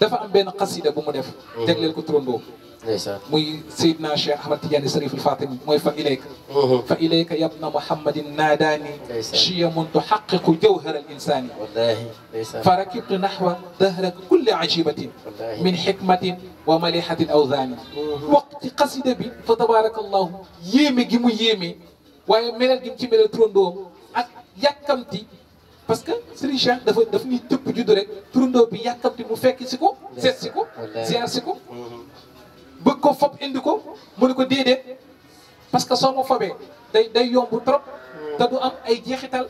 dafa am benn xasida bu mu def tegleel ko turandoo muy Seydina Cheikh Ahmad Tidiane Sarif al-Fatimi mooy fa ilayka fa ilayka yabna Muhammadin naadaani shiyamun tuhaqiqu jawhar al-insani fa rakibtu nahwa dahra kulli ajibatin min hikmatin wa malihatin awzaani waqti xasida bi fa tabaraka allahu yéeme gi mu yéeme waaye melal gi ci melal turandoom ak yàkkamti parce que Serigne Cheikh dafa daf ñuy tëpp juddu rek bi yàkkamti mu fekk si ko seet si ko ko mhm. bëgg ko fob indi ko mu ne ko déedéet parce que soo ma fobee day day yomb trop te du am ay jeexital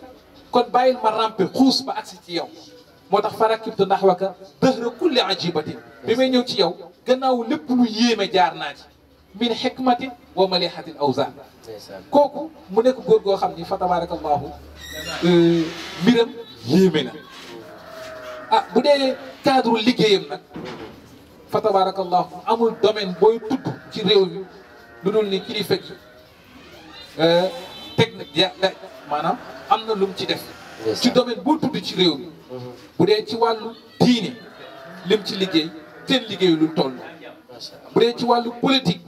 kon bàyyil ma rampe xuus ba agsi ci yow moo tax farakibtu ndax waka dëhra kulli ajibatin bi may ñëw ci yow gannaaw lépp lu yéeme jaar naa ci min xikmatin wa malihatin awsa kooku mu nekk góor goo xam ni fa tabarakallahu euh, mbiram yéeme na ah bu dee cadre liggéeyam nag fa tabarakallahu amul domaine booy tudd ci réew mi lu dul ni kilifa gi euh, technique maanaam am na lum ci def ci domaine boo tudd ci réew mm-hmm. dee ci wàllu diine ci liggéey kenn liggéey lu toll bu dee ci wàllu politique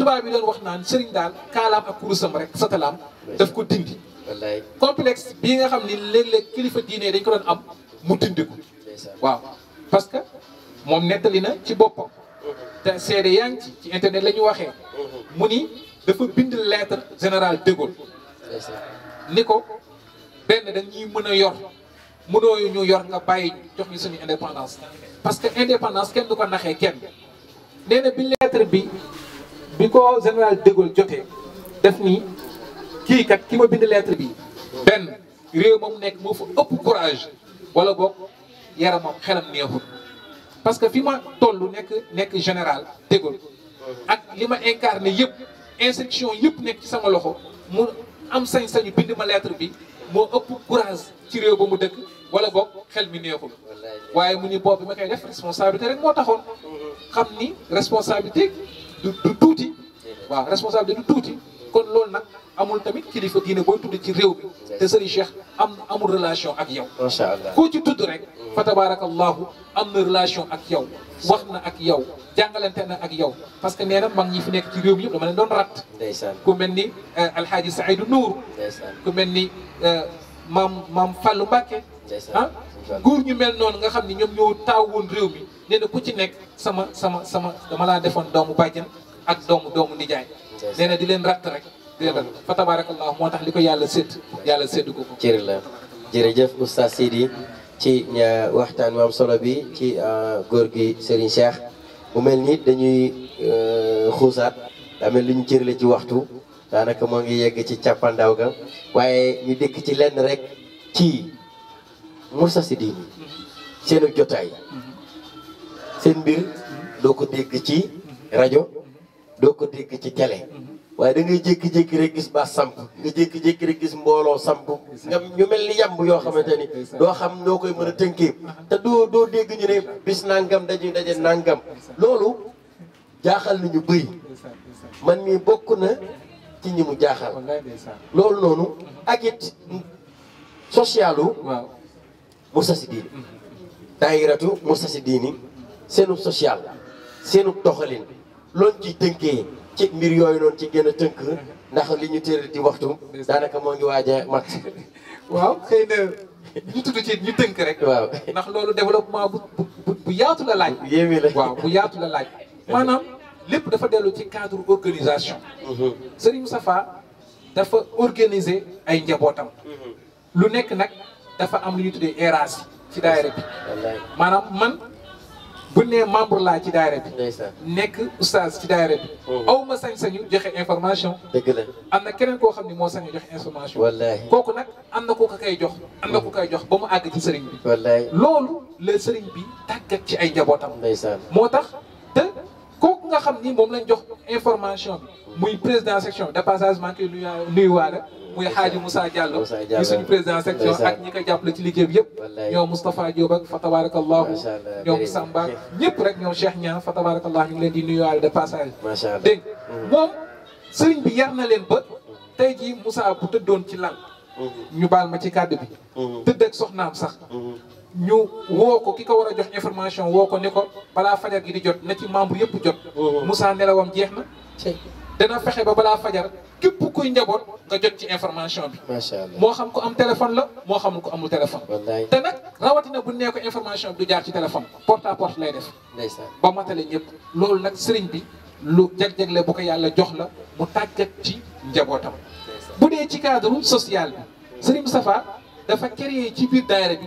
tubaab bi doon wax naan sëriñ daal kaalaam ak kurusam rek satalaam daf ko dindi complexe bii nga xam ni léeg-léeg kilifa diine dañ ko doon am mu dindi ko waaw parce que moom nettali na ci boppam mm-hmm. te seede yaa ci ci internet la ñu waxee mm-hmm. mu ni dafa bind lettre général de Gaulle ni ko benn dañ ñuy mën a yor mënoo ñu yor nga bàyyi jox ñu suñu indépendance parce que indépendance kenn du ko naxee kenn nee bi lettre bi biko ko général de Gaulle jotee def ni ki kat ki ma bind lettre bi ben réew mom nek mo fa ëpp courage wala boog yaramam xelam neexul parce que fi ma toll nek nekk général de Gaulle ak lima incarner incarné instruction yëpp nek ci sama loxo mu am sañ-sañu bind ma lettre bi mo ëpp courage ci réew ba mu dëkk wala bok xel mi neexul waaye mu ñu boobu bi ma koy def responsabilité rek moo taxoon xam ni responsabilité du du tuuti waaw responsabilité du tuuti kon loolu nag amul tamit kilifa diine booy tudd ci réew bi te Serigne Cheikh am amul relation ak yow. macha allah koo ci tudd rek. fa tabarakallahu am na relation ak yow wax na ak yow jàngalante na ak yow parce que nee na mag ñi fi nekk ci réew mi yëpp dama leen doon rat. ku mel ni Alhaji euh, Saïdou Nour. ku mel ni euh, maam maam Fallou Mbacké. ah ñu mel noonu nga xam ni ñoom ñoo taawoon réew mi nee na ku ci nekk sama sama sama dama laa defoon doomu bàjjen. ak doomu doomu nijaay nee na di leen ratt rek fa tabaarakallah moo tax li ko yàlla sédd yàlla sédd ko cër la jërëjëf oustaz Sidi ci euh, waxtaan wi am solo bi ci euh, góor gi Serigne Cheikh mu mel ni dañuy euh, xuusaat mel lu ñu ci waxtu daanaka moo ngi yegg ci càppandaw ga waaye ñu dëkk ci lenn rek ci Moussa Sidi seenu jotaay mm-hmm. seen mbir doo ko dégg ci rajo doo ko dégg ci télé waaye da ngay jékki-jékki rek gis ba samp nga jékki-jékki rek gis mbooloo samp nga ñu mel ni yàmb yoo xamante ni doo xam noo koy mën a tënkee te doo doo dégg ñu ne bis nangam dañuy daje nangam loolu jaaxal nañu bëri man mii bokk na ci ñi mu jaaxal loolu noonu ak it socialu Moustarchidine daayiratu Moustarchidine seenu social seenu doxalin loon ci tënkee ci mbir yooyu noonu ci gën a tënk ndax li ñu tëral di waxtu daanaka moo ngi waaj a mat waaw xëy na ñu tudd ci ñu tënk rek ndax loolu développement bu bu yaatu la laaj yéeme la waaw bu yaatu la laaj maanaam lépp dafa dellu ci cadre organisation mhm. Serigne Moustapha dafa organiser ay njabootam mhm. lu nekk nag dafa am lu ñu tuddee érage ci daayira bi maanaam man bu nee membre laa ci daayira bi. nekk oustaz ci daayira bi. Mhm. aw ma sañ-sañu joxe information. dëgg la am na keneen koo xam ne moo sañu joxe information. wallaahi kooku nag am na ku ko koy jox. am na ku mhm. koy jox ba mu àgg ci sëriñ bi. loolu la sëriñ bi tàggat ci ay njabootam. moo tax. kooku nga xam ni moom lañ jox information bi muy président section de passage maa ngi koy nuyuwaale muy xaaji Moussa Diallo muy suñu président section ak ñi ko jàppale ci liggéey bi yëpp ñoom Moustapha Diop ak fa tabarakallahu ñoom Samba ñëpp rek ñoom Cheikh Niang fa tabarakallahu ñu leen di nuyuwaale de passage dégg mhm. moom sëriñ bi yar na leen ba tey jii Moussa bu tëddoon ci lal mhm. ñu baal ma ci kàddu bi mhm. tëdd ak soxnaam sax ñu woo ko ki ko war a jox information woo ko ni ko balaa fajar gi di jot na ci membre yëpp jot. Moussa nelawam jeex na. dana fexe ba balaa fajar képp kuy njaboot nga jot ci information bi. macha allah moo xam ko am téléphone la moo xam ko amul téléphone. te nag rawatina bu nee information bi du jaar ci téléphone. porte à porte lay def. ba matale ñëpp. loolu nag sëriñ bi lu jag-jagle bu ko yàlla jox la mu tàggat ci njabootam. bu dee ci cadre social bi. sëriñ Moustapha dafa créé ci biir daayira bi.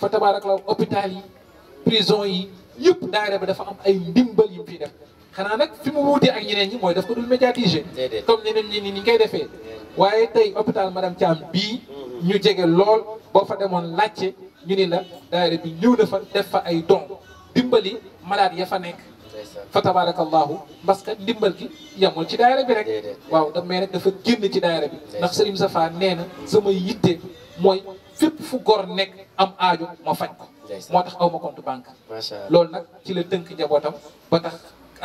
fa tabaarakallaahu hôpital yi prison yi yëpp daayira bi dafa am ay ndimbal yu mu fiy def xanaa nag fi mu wuutee ak ñeneen ñi mooy daf ko dul médiatiser comme ñeneen ñi ni ni koy defee waaye tey hôpital madame Thiam bii mm-hmm. ñu jege lool boo fa demoon laajte ñu ni la daayira bi ñëw na fa def fa ay don dimbali malade ya fa nekk fa tabarakallahu parce que ndimbal gi yamul ci daayira bi rek waaw da mais rek dafa génn ci daayira bi ndax sa Safa nee na sama yitte mooy fépp fu gor nekk am aajo ma faj ko moo tax aw ma compte banque loolu nag ci la tënk njabootam ba tax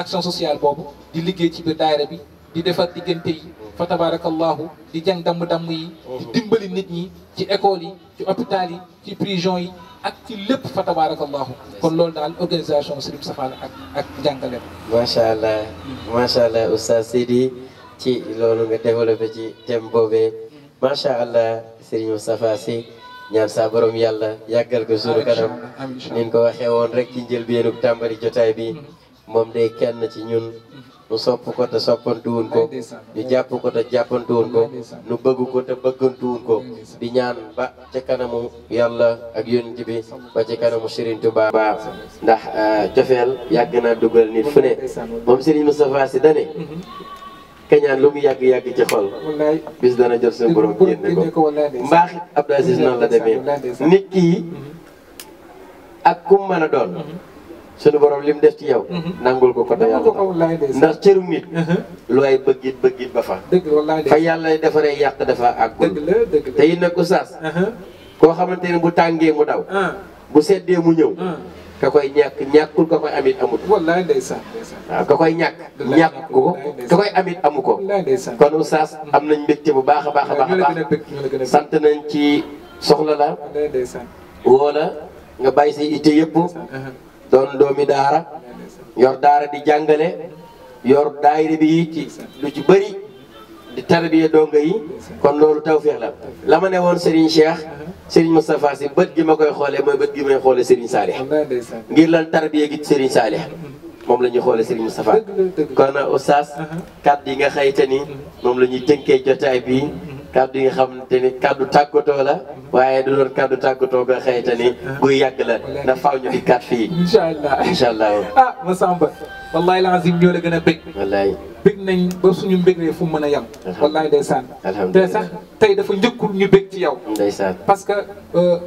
action sociale boobu di liggéey ci biir daayira bi di defar diggante yi fa tabarakallahu di jàng damm-damm yi di mhm. dimbali nit ñi ci école yi ci hôpital yi ci prison yi ak ci lépp fa tabarakallahu kon loolu daal organisation Serigne Moustapha ak ak jàngale macha allah hmm. macha allah oustaz Sidi ci loolu nga développé ci thème boobee hmm. macha allah Serigne Moustapha Sy ñaan saa borom yàlla yàggal ko suñu kanam niñ ko waxee woon rek ci njëlbéenu tàmbari jotaay bi mm-hmm. moom de kenn ci ñun nu mm-hmm. sopp ko te soppantuwun ko ñu jàpp ko te jàppantuwun ko nu bëgg ko te bëggantuwun ko di ñaan ba ca kanamu yàlla ak yonent bi ba ci kanamu Serigne Touba ndax jofeel ah, yàgg naa dugal nit fu ne moom Serigne Moustapha Sy dane mm-hmm. kañaan lu mu yàgg-yàgg ci xol bis dana jot suñu borom génne ko mbaax Abdou Aziz noonu la demee nit kii mhm. ak kum mën a doon mhm. suñu borom li mu def ci yow mhm. nangul ko ko te yàlla ndax cëru nit lu ay bëggit bëggit ba fa fa yàlla defaree yàq dafa àggul te it nag oustaz koo xamante ne bu tàngee mu daw ah. bu seddee mu ñëw ah. ka koy ñàkk ñàkkul ka koy amit amut ah, ka koy ñàkk ñàkk ko ka koy amit amu ko kon oustaz am nañ mbégte bu baax a baax a baax a sant nañ ci soxla la woo la nga bàyyi sa itte yëpp doon doomi daara yor daara di jàngale yor daayira bi ci lu ci bëri di tarbiya donga yi kon loolu tawféex la la ma ne woon Serigne Cheikh Serigne Moustapha si bët gi ma koy xoolee mooy bët gi may xoolee Serigne Salih ngir lan tarbiya gi Serigne Salih moom la ñuy xoolee Serigne Moustapha kon oustaz uh-huh. kàddu yi nga xayte ni moom la ñuy tënkee jotaay bii uh-huh. kàddu yi nga xamante ni kàddu tàggatoo la waaye du loolu kàddu tàggatoo nga xayte ni uh-huh. buy yàgg la na faaw ñu di kat fii incha allah incha allah ah Massamba wallahi lazim ñoo la gën a bëgg bég nañ ba suñu mbégree fu mën a yem wallaay ndeysaan te sax tey dafa njëkkul ñu bég ci yow parce que euh,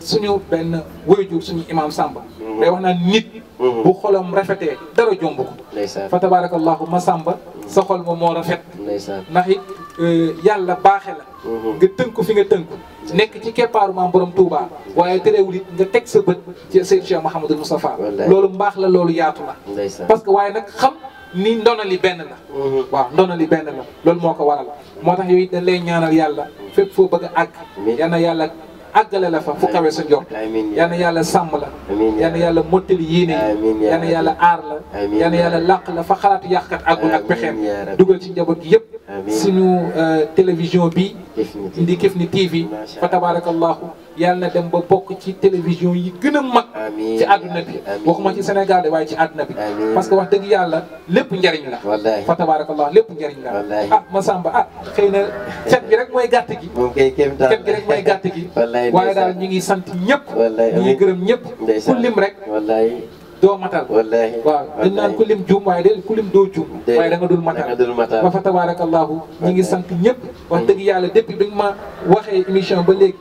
suñu benn waajur suñu imam Samba mhm. day wax naan nit mhm. bu xolam rafetee dara jomb ko fa tabarakallahu ma Samba mhm. sa xol ma moo rafet ndax it euh, yàlla baaxe la nga tënku fi nga tënku nekk ci keppaaru maam borom Touba waaye terewul it nga teg sa bët ci Seydou Cheikh Mouhamadou Moustapha loolu mbaax la loolu yaatu la parce que waaye nag xam ni ndono li benn la waaw ndono li benn la loolu moo ko waral moo tax yooyu dañ lay ñaanal yàlla fépp foo bëgg a àgg yal na yàlla àggale la fa fu kawe sa njort yal na yàlla sàmm la yal na yàlla mottali yéene yi yal na yàlla aar la yal na yàlla làq la fa xalaatu yàqkat àggul ak pexeem dugal ci njaboot gi yëpp suñu euh, télévision bi di Kifne TV fa tabarakallahu yàlla na dem ba bokk ci télévision yi gën a mag ci àdduna bi waxuma ci Sénégal de waaye ci àdduna bi parce que wax dëgg yàlla lépp njariñ la fa tabarakallahu lépp njariñ la ah samba ah xëy na cet gi rek mooy gàtt gi cet gi rek mooy gàtt gi waaye daal ñu ngi sant ñëpp ñu ngi gërëm ñëpp ku lim rek doo matal waaw dañ naan ku lim juum waaye de ku lim doo juum waaye da nga dul matal ba fa tabaarakallaahu ñi ngi sant ñëpp wax mm. dëgg yàlla depuis bi ma waxee émission ba léegi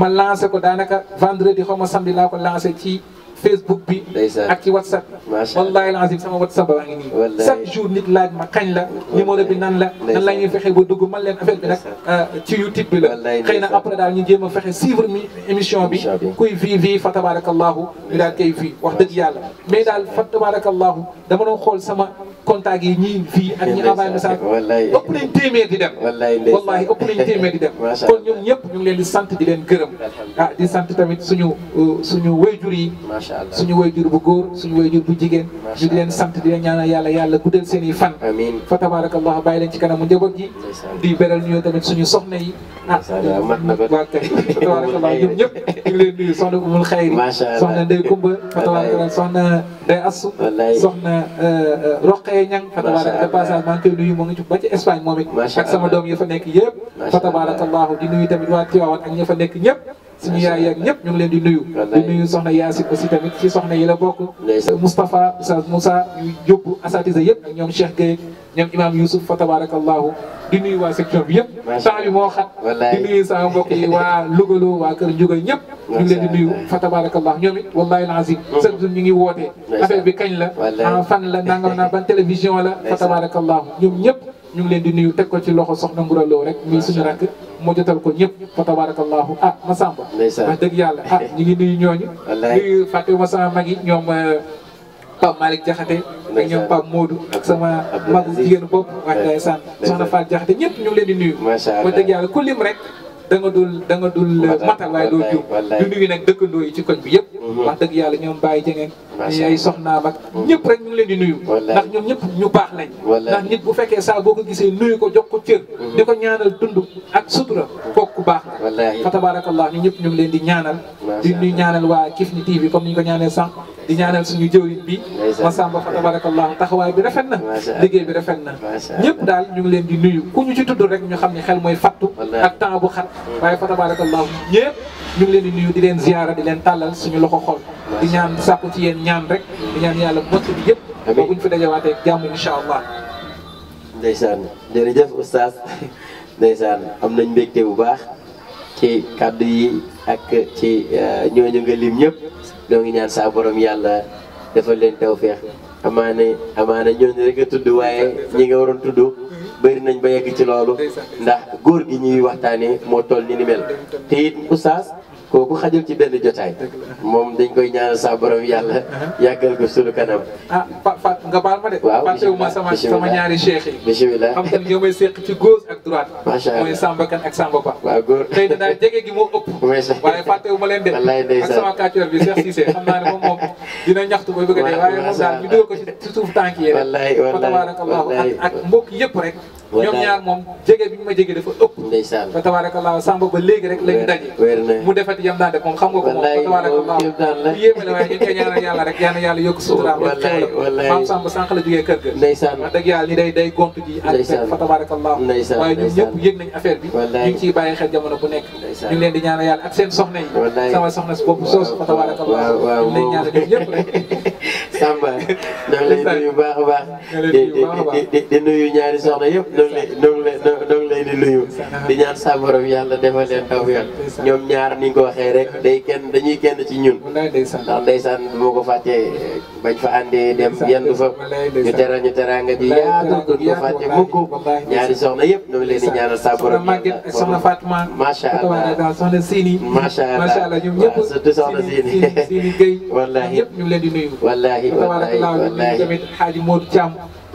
ma lancé ko daanaka vendredi xaw ma samedi laa ko lancé ci Facebook bi. ak ci WhatsApp. macha allah wallaahi alazim sama WhatsApp baa ngi nii. chaque jour nit laaj ma kañ la. numéro bi nan la. nan la ñuy fexe ba dugg man bi nag. Ah, ci YouTube bi na après daal ñu jéem a fexe suivre mi émission bi. kuy vi fa tabarakallahu ñu daal koy vi wax dëgg yàlla. fa tabarakallahu dama doon xool sama contact yi ñii vi ak ñi envoyé message. wallaahi ëpp nañ téeméer di dem. kon ñoom ñëpp ñu leen di sant di leen gërëm. ah di sant tamit suñu uh, suñu wéyjur suñu wayjur bu góor suñu wayjur bu jigéen ñu di leen sant di leen ñaanal yàlla yàlla guddal seen i fan fa tabaarakallah bàyyi leen ci kanamu njaboot gi di beral nuyoo tamit suñu soxna yi ah waa kay fa tabaarakallah ñun ñëpp ñu ngi leen nuyu soxna umul xayri soxna ndey kumba fa tabaarakallah soxna ndey assu soxna euh, euh, roqee ñang fa tabaarakallah passage maa ngi koy nuyu moo ngi ci ba ci Espagne moom it ak sama doom ya fa nekk yëpp fa tabaarakallah di nuyu tamit waa Tiwaawan ak ña fa nekk ñëpp suñu yaay yaag ñëpp ñu ngi leen di nuyu di nuyu soxna Yacine aussi tamit ci soxna yi la bokk Moustapha Oustaz Moussa ñu jóg asatisa yëpp ñoom Cheikh Gueye ñoom Imam Youssouf fa tabarakallahu di nuyu waa section bi yëpp temps bi moo xat di nuyu sama mbokk yi waa Louga waa Kër Ndiouga ñëpp ñu ngi leen di nuyu fa tabarakallahu ñoom it wallahi alazim chaque mm-hmm. jour ñu ngi woote affaire bi kañ la ah, fan la nangam naa ban télévision la fa tabarakallahu ñoom ñëpp ñu ngi leen di nuyu teg ko ci loxo soxna nguraloo rek muy suñu rakk moo jotal ko ñëpp fa tabarakallahu ah Massamba wax dëgg yàlla ah ñu ngi nuyu ñooñu nuyu fàttewuma sama mag yi ñoom euh, Pape Malick Diakhaté ak ñoom Pape Modou ak sama magu jigéen bopp wax ndeysaan soxna Faat Diakhaté ñëpp ñu ngi leen di nuyu wax dëgg yàlla ku lim rek da nga dul da nga dul matal waaye doo juum du nuyu nag dëkkandoo yi ci koñ bi yëpp mhm. wax dëgg yàlla ñoom Baye Dieng ñi ay soxna ak mhm. ñëpp rek ñu ngi leen di nuyu ndax ñoom ñëpp ñu baax lañ ndax nit bu fekkee saa boo ko gisee nuyu ko jox ko cër mhm. di ko ñaanal dund ak sutura ku baax la fa tabarakallah ñu ñëpp ñu ngi leen di ñaanal di ñuy ñaanal waa Kifne TV comme ni ñu ko ñaanee sànq di ñaanal suñu jëwriñ bi Massamba fa tabarakallah taxawaay bi rafet na liggéey bi rafet na ñëpp daal ñu ngi leen di nuyu ku ñu ci tudd rek ñu xam ni xel mooy fattu ak temps bu xat waaye fa tabarakallah ñëpp ñu ngi leen di nuyu di leen ziyaara di leen tàllal suñu loxo xol di ñaan sàkku ci yéen ñaan rek di ñaan yàlla mott bi yëpp ba buñ fi dajawaatee jàmm insha allah ndeysaan jërëjëf oustaz ndeysaan am nañ mbégte bu baax ci kàddu yi ak ci euh, ñooñu nga lim doo ngi ñaan saa borom yàlla defal leen tawféex amaana amaana ñooñu rek a tudd waaye ñi nga waroon tudd bëri nañ ba yegg ci loolu ndax góor gi ñuy waxtaanee moo toll ni ni mel te it oustaz kooku xajul ci benn jotaay moom dañ koy ñaanal sa borom yàlla yàggal ko sunu kanam ah Fat nga baal ma de fàttewu ma sama sama ñaari cheikh yi bisimilah xam nga ñoo may seq ci gauche ak droite macha allah mooy Samba Kane ak Samba waaw góor xëy na daal jege gi moo ëpp waaye fàttewu a dee waaye moom daal ci suuf tànk yi rek fa rek ñoom ñaar moom jege bi ñu ma jege dafa ëpp ndeysaan fa tabaarakallaa samba ba léegi rek la ñu daje mu defati yam daan def moom xam nga ko moom fa tabaarakallaa bu yéeme la waaye ñu koy ñaanal yàlla rek yal na yàlla yokk sutura ba xewal maam samba sànq la jógee kër ga ndeysaan wax dëgg yàlla ni day day gont ji ak fa tabaarakallaa waaye ñun ñëpp yëg nañ affaire bi ñu ngi ciy bàyyi xel jamono bu nekk ñu ngi leen di ñaanal yàlla ak seen soxna yi sama soxna si bopp soosu fa tabaarakallaa ñu leen ñaanal ñëpp rek samba ñoo ngi lay nuyu baax a baax di nuyu ñaari soxna yëpp ngi lay di nuyu di ñaan sa borom yàlla defal leen taw yoon ñoom ñaar ni nga ko waxee rek day kenn dañuy kenn ci ñun ndax ndeysaan moo ko fàttee bañ fa àndee dem yendu fa ñu teral ñu teraanga ji yaatu duñ ko fàtte mukk ñaari soxna yëpp ñoo ngi leen di ñaanal sa borom yàlla soxna Fatma macha allah soxna Sini macha allah waaw surtout soxna wallahi wallahi wallahi wallahi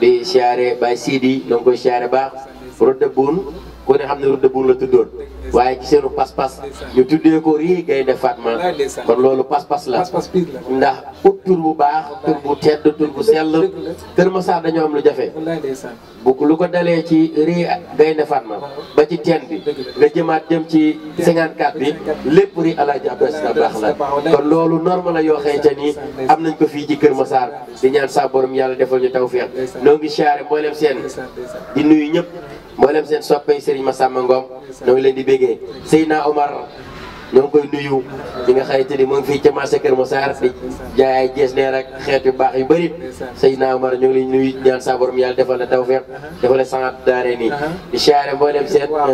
be chare ba sidi donc chare ba rodde boune ku ne xam ne rëdd bu la tuddoon waaye ci seenu pas-pas ñu tuddee ko rii gaynde Fatma kon loolu pas-pas la ndax ut tur bu baax tur bu tedd tur bu sell Kër Massar dañoo am lu jafe bu lu ko dalee ci rii gaynde Fatma ba ci teen bi nga jëmaat jëm ci 54 bi lépp rii Alaaji Abdu Asiis baax la kon loolu norme la yoo xëyte nii am nañ ko fii ci Kër Massar di ñaan saa borom yàlla defal ñu tawfeex noo ngi siyaare mboolem seen di nuyu ñëpp mboolem seen soppee Serigne Massamba Ngom ñoo ngi leen di béggee Seydina Omar ñoo ngi koy nuyu ñi nga xayante ni moo ngi fii ca marché Kër Massar di jaay gees neer ak xeet yu baax yu bëri Seydina Omar ñu ngi lay nuyu ñaan sa borom yàlla defal la tawfeex di siyaare mboolem seen ma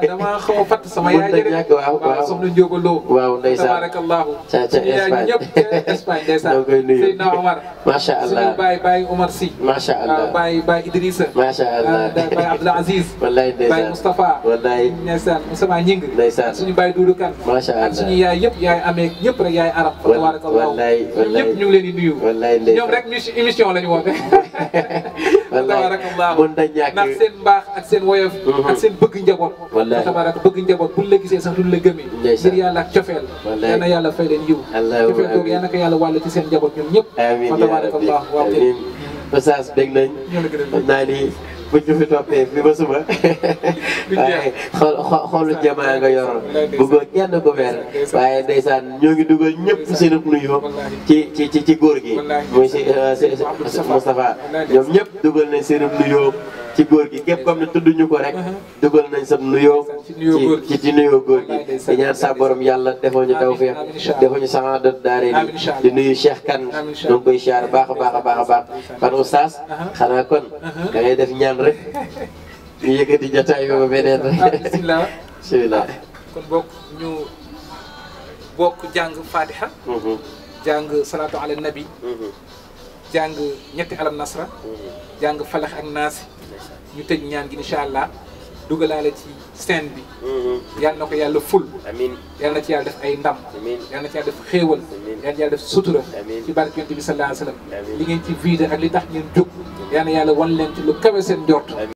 de a fatt sama yaay rek ñàkk waaw allah baay baay Omar Sy ah, allah baay baay Idrissa macha allah ah, baay baay Moustapha wallaay ndeysaan Ñing ndeysaan suñu bàyyi duudu kan macha allah ak suñu yaay yëpp yaay amee ñëpp rek yaay arab tabarakallah ñëpp ñu ngi leen di nuyu ñoom rek émission lañu woote tabarakallah ndax seen mbaax ak seen woyof mhm. ak seen bëgg njaboot tabarak bëgg njaboot buñ la gisee sax duñ yàlla ak cofeel yal na yàlla fay leen yiw cofeel boobu yal seen njaboot ñoom ñëpp tabarakallah waaw Oustaz bég nañ xam bi ba suba waaye xool xoolu jamaa nga yoroon bëggoon kenn ko weer waaye ndeysaan ñoo ngi dugal ñëpp seen nuyoo ci ci ci góor gi muy si euh, Moustapha ñoom ñëpp dugal nañ seen nuyoo ci góor gi képp comme ne tudd ñu ko rek uh-huh. dugal nañ sa nuyoo ci ci nuyoo góor ñaan sa borom yàlla defoo ñu tawfeex defoo ñu a daare ni di nuyu Cheikh Kane ñoo koy siyaar baax a baax a baax a baax saas oustaz uh-huh. xanaa kon uh-huh. da ngay def ñaan rek ñu yëkkati jotaay ba beneen rek ah, bokk ñu bokk jàng fatiha jàng salaatu ala jàng ñetti alam nasra jàng نتاج نيان إن شاء الله دوغلا على تي سين بي يالنا كي يالله فول أمين يالنا تي يالله أي نام أمين يالنا تي يالله خيول أمين يالله سطرة أمين في بارك يوم تبي صلى الله عليه وسلم أمين لين تي فيد أكلي تحت نيم جوك يالنا يالله وان لين تلو كم سن دوت